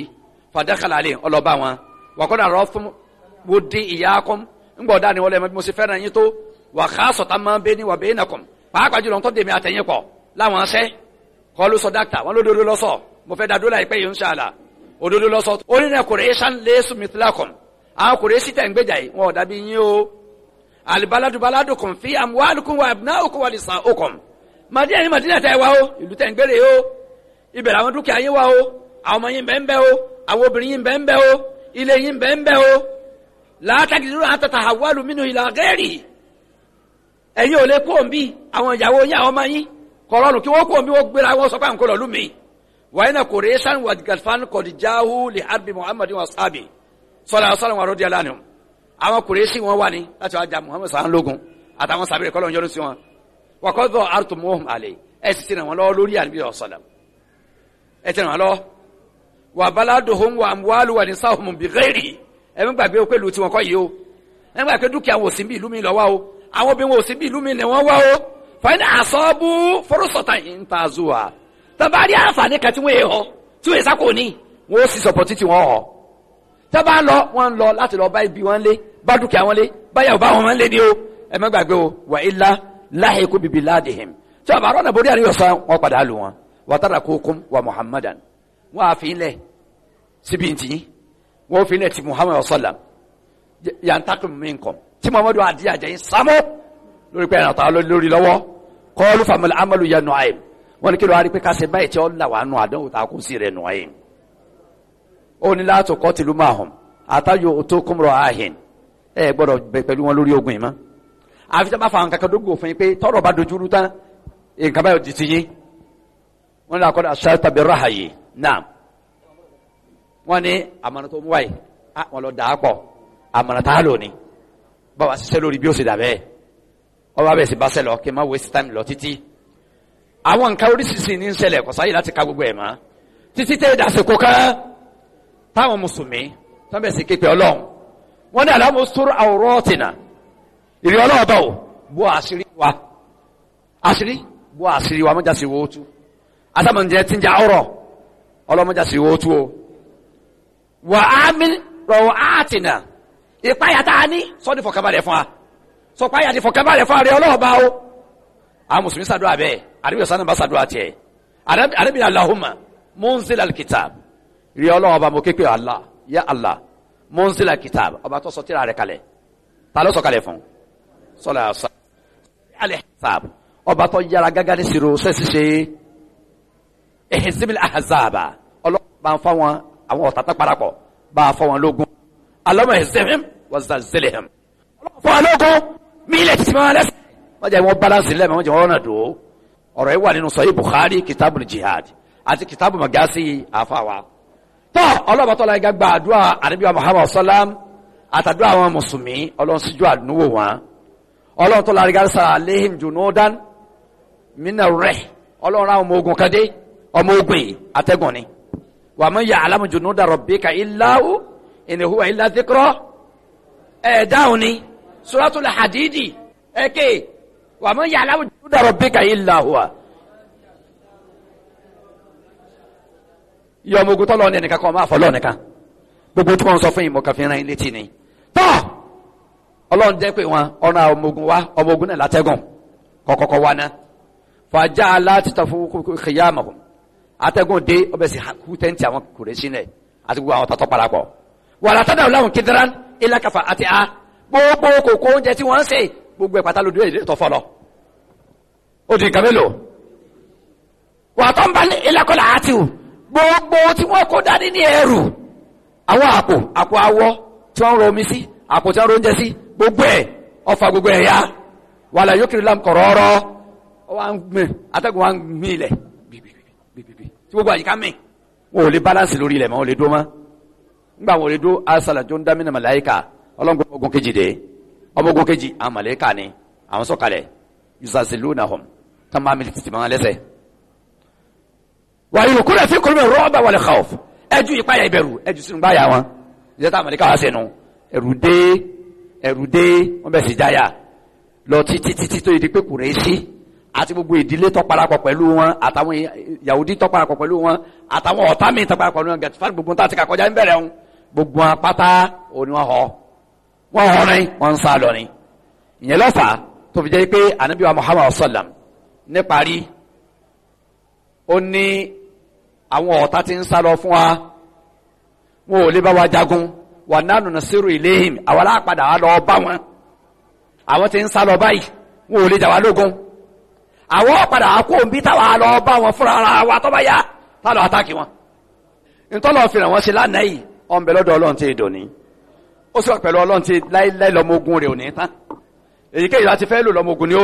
[SPEAKER 1] fàdákàlà lè wọn wàkọ́nà rọ wo di mo yín tó wà ká máa bẹ wà pàápàá jùlọ wọn dodo lọ́sọ̀ mo fẹ́ da yìí ń òdodo onínàkùnrin àwọn kùrẹ́sì tẹ̀ ń gbèjà yìí wọn ò dàbí yín o alibaladu baladu kùn fi amwalukum wa abnaukum wa nisaukum madina ni madina tẹ wa o ìlú tẹ̀ ń gbèrè o ibẹ̀ làwọn dúkìá yín wa o àwọn ọmọ yín bẹ́ẹ̀ bẹ́ẹ̀ o àwọn obìnrin yín bẹ́ẹ̀ bẹ́ẹ̀ o ilé yín bẹ́ẹ̀ bẹ́ẹ̀ o látàkìlúrò àtàtà àwọlù mínú ìlà gẹ́rì ẹ̀yin ò lè kó òǹbí àwọn ìyàwó yín àwọn ọmọ yín kọ̀rọ̀nù kí wọ́n kó òǹbí wọ́n gbéra wọn sọ pé à ń kó lọ lómi wàyí náà kò rèé sàn wà kọ̀dìjáhù lè hàbí muhammadu wa sábì sọlá sọlá wọn rọdí aláàánú àwọn kùrẹ́sì wọn wà ní láti wá ja muhammed sàn lógun
[SPEAKER 2] àtàwọn sàbẹ̀rẹ̀ kọ́lọ̀ ń yọnu sí wọn
[SPEAKER 1] wàkọ́ dọ̀ àrùtùmọ́hùn àlẹ́ ẹ̀ sì ti ràn wọ́n lọ́wọ́ lórí àbí ọ̀sọ̀lá ẹ̀ ti ràn wọ́n lọ́wọ́ wà baladohun wà wàlú wà ní sáhùn bí gẹ́rì ẹ̀ ń gbàgbé pé ìlú tiwọn kọ́ yìí o ẹ̀ ń gbàgbé dúkìá wò sí bí ìlú mi lọ wá o àwọn tá bá ń lọ wọ́n ń lọ láti lọ bá ibi wọn lé bá dúkìá wọn lé báyà bá wọn lé ní o ẹ má gbàgbé o wà ilá láhìí kó bìbí ládìhìm tí ọba àrọ́nà borí àríyọ̀ sọ wọn padà lù wọn wà tára kókó wà muhammadan wọn àfi ilẹ̀ síbi ntì wọn fi ilẹ̀ ti muhammad ọ̀sọ́là yantakum minkum tí muhammadu adìyà jẹ́yìn sámú lórí pé ẹ̀rọ àtàwọn lórí lọ́wọ́ kọ́ọ́lù fàmìlì amalu yẹ nù àyè wọn kí ló wá rí pé kásẹ̀ tí ó ó ní láti kọ́ tìlú máa hàn àtàyò tó kúmọ̀rọ̀ àhìn ẹ gbọ́dọ̀ bẹ pẹ̀lú wọn lórí ogun yìí mọ́ àfi tí a bá fa nǹkan kan dógò fún yín pé tọ́rọ̀ bá dojú rú tán nǹkan báyọ̀ di ti yín wọ́n ní akọ́dọ̀ aṣáájú tàbí ráhàyè náà wọ́n ní àmọ̀nà tó mú wáyé ah, wọ́n lọ dà á pọ̀ àmọ̀nà tá a lò ní báwa ṣiṣẹ́ lórí bí ó ṣe dà bẹ́ẹ̀ bá bẹ̀ sí báṣẹ́ lọ kí n má waste time lọ títí àwọn nǹkan oríṣiríṣi ní ń ṣẹlẹ̀ kọ̀sáyé láti ka gbogbo ẹ̀ mọ́ títí tẹ́ ìdásẹ́kọ̀ọ́ kan táwọn mùsùlùmí táwọn bẹ̀sẹ̀ képe ọlọ́run wọ́n ní àlámù sóró àwòrán tìǹà ìrì ọlọ́run bá o bu àṣírí wa àṣírí bu àṣírí wa mọ́jà sí wo tú àtàmọ̀jẹ́ tí ń jà ọ̀rọ̀ ọlọ́mọjà sí wo tú o wà á mi rọ̀wọ̀ á ìpáyà tá a ní sọ́ni fọkànbalẹ̀ fún wa sọ páyà ní fọkànbalẹ̀ fún àrẹ ọlọ́run o àwọn mùsùlùmí sàdúrà bẹ́ẹ̀ àdébíyọ̀ sàdúrà tiẹ̀ àdébíyọ̀ Allahumma munzil rí ọlọ́run ọba mo ké pé Allah ya Allah mọ́nsílà kìtàb ọba tó sọ tíra rẹ̀ kalẹ̀ ta ló sọ kalẹ̀ fún sọlá ọ̀sán alẹ́ kìtàb ọba tó yára gágá ní siro sẹ́sì ṣe ehizimil ahazaba ọlọ́run bá ń fọ́ wọn àwọn ọ̀tá tó parapọ̀ bá a fọ́ wọn lógún alọ́mọ ehizimim wọ́n zazilihim ọlọ́run fọ́ wọn lógún mílẹ̀ tí wọ́n lẹ́sẹ̀ wọ́n jẹ́ wọn balance lẹ́mọ̀ wọ́n jẹ́ wọn rọ̀nà ọ̀rọ̀ yìí wà nínú sọ yìí Bukhari kìtàbù jihad àti kìtàbù magasi àfa wa tọ́ ọlọ́bàtọ́lá ẹ̀gá gba àdúrà àdébíwá muhammad salam àtàdúrà àwọn mùsùlùmí ọlọ́run síjú àdúnwò wọn ọlọ́run tó lárí gárísà aléhìm junudan mina rẹ̀ ọlọ́run àwọn ọmọ ogun kadé ọmọ ogun yìí atẹ́gùn ni wà mọ́ yà alámù junudan rabbika illa hu in huwa illa dhikra ẹ̀ dáhùn ni suratul hadidi ẹ̀kẹ́ wà mọ́ yà alámù junudan rabbika illa huwa iye ọmọ ogun tọ́lọ́ nìkan kan máa fọlọ́ nìkan gbogbo tí wọ́n sọ fún ìmọ̀kàn fi ran ilé tì ní. tọ́ ọlọ́run jẹ́ pé wọn ọ̀ràn ọmọ ogun wa ọmọ ogun náà látẹ́gùn kọ̀kọ̀kọ̀ wa ná. fàájà aláàtìtà fún kìyà àmọ̀ atẹ́gùn dé ọbẹ̀ sì kú tẹ́ǹtì àwọn kùrẹ́sì náà àti gbogbo àwọn tọ́tọ́ parapọ̀. wà látọ́dà ọ̀làwọn kìdírán ilá àti a gbogbo kòkó oúnjẹ tí wọ́n ń sè gbogbo ẹ̀ pátá lóde ìdílé tó fọlọ́. ó di nǹkan wà á ń bá ilé kọ́lá àti wù gbogbo tí wọ́n kó dání ní ẹrù àwọn àpò àpò awọ tí wọ́n ń ro omi sí àpò tí wọ́n ń ro oúnjẹ sí gbogbo ẹ̀ ọfà gbogbo ya wàlà yóò kiri lam kọ̀rọ̀ọ̀rọ̀ wa ń gbìn atẹ́gùn wa ń gbìn ilẹ̀ bìbìbìbì tí gbogbo àyíká mìn wọn ò lè balance lórí ilẹ̀ mọ́ wọn ò lè dó wọn ò lè tó ń dá màláyíkà ni àwọn sọ̀kalẹ̀ tán mi tètè máa lẹ́sẹ̀ẹ́
[SPEAKER 2] wàlúùkúrẹ́ fi kúrò rọ́ọ̀bà wal khawf
[SPEAKER 1] ẹjú ìpáyà ìbẹ̀rù ẹjú sínú gbáyà wọn ìjọba àmàlẹ́ káwá sẹ́nu ẹ̀rù dé ẹ̀rù dé wọ́n bẹ̀ sì jáyà lọ títí títí tó ìdí pé kùrẹ́ sí àti gbogbo ìdílé tọ́parapọ̀ pẹ̀lú wọn àtàwọn Yahudi tọ́parapọ̀ pẹ̀lú wọn àtàwọn ọ̀tá mi tọ́parapọ̀ wọn gẹ̀tù gbogbo táti kàkọjá ń wọn gbogbo wọn pátá họ
[SPEAKER 2] wọn họ ni wọn ń sá lọ
[SPEAKER 1] ni ìyẹn lọ́fà tó fi jẹ́ pé anabiwa Muhammadu sallam níparí ó ní àwọn ọ̀tá ti ń sá lọ fún wa wọn ò lè bá wa jagun wà nánú na sírù iléhìn àwọn aláàpadà wa lọ bá wọn àwọn ti ń sá lọ báyìí wọn ò lè jà wá lógun àwọn padà kó nbí táwa lọ bá wọn fúnra wa bá lọ àtàkì wọn ntọ́lọ́ fi lánàá yìí ọ̀nbẹ lọ́dọ̀ ọlọ́run ti dùn ní ó pẹ̀lú ọlọ́run ti rẹ̀ ò ní tán èyíkéyìí láti ni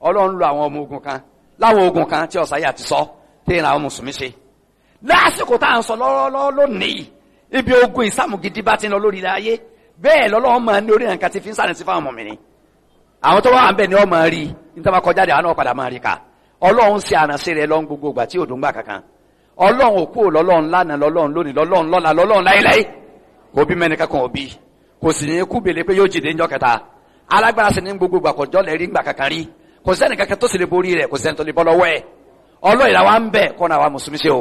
[SPEAKER 1] ó lo àwọn ọmọ ogun kan láwọn ogun kan tí yà ti sọ téèyàn àwọn mùsùlùmí ṣe lásìkò tá à ń sọ lọ́wọ́lọ́wọ́ lónìí ibi ogun ìsàmùgidi bá ti ń lọ lórí ilẹ̀ ayé bẹ́ẹ̀ lọ́lọ́wọ́ máa ní orí nǹkan ti fi ń sàrìn sí fáwọn àwọn tó wà ń bẹ̀ ni wọ́n rí ní tó bá kọjá dé àwọn padà máa rí ká ọlọ́run ṣe àrànṣe rẹ̀ lọ́n gbogbo ìgbà tí ò dùn gbà kankan ọlọ́run òkú lọ́lọ́run lánàá lọ́lọ́run lónìí lọ́lọ́run lọ́la lọ́lọ́run láéláé kò bí mẹ́nìkan kò sẹ́ni kankan tó sì lè borí rẹ̀ kò sẹ́ni tó lè bọ́ lọ́wọ́ ẹ̀ ọlọ́ọ̀ ìlàwọ̀ ń bẹ̀ kọ́nà àwọn mùsùlùmí ṣe o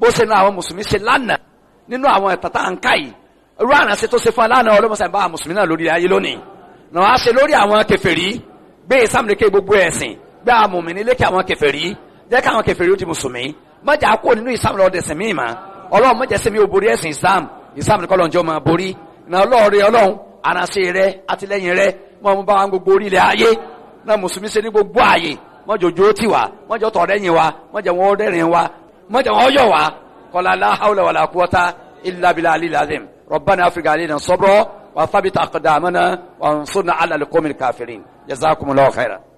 [SPEAKER 1] bó ṣe ní àwọn mùsùlùmí ṣe lánàá nínú àwọn ẹ̀tàn tá à ń ká yìí irú àrànṣe tó ṣe fún alánàá ọlọ́mọṣẹ́ bá mùsùlùmí náà lórí ayé lónìí náà á ṣe lórí àwọn kèfèrí gbé ìsàmìlẹ́kẹ́ gbogbo ẹ̀sìn gbé àwọn kèfèrí islam islam ní kọ́lọ́njọ́ máa borí náà ọlọ́ọ̀rẹ́ ọlọ́run àrànṣe rẹ àtìlẹ́yìn rẹ mọ́ ọmọ bá wọn náà mùsùlùmí ṣe ní gbogbo ààyè mọ́jọ́jọ́ tì wá mọ́jọ́ tọ̀rẹ́yìn wa mọ́jọ́ wọn rẹ́rìn wa mọ́jọ́ wọn yọ̀ wá kọ́lá la hawla wala quwwata illa billahi aliyil azim rabbana afrika alina sabra wa thabita aqdamana wa ansurna ala alqawmil kafirin jazakumullahu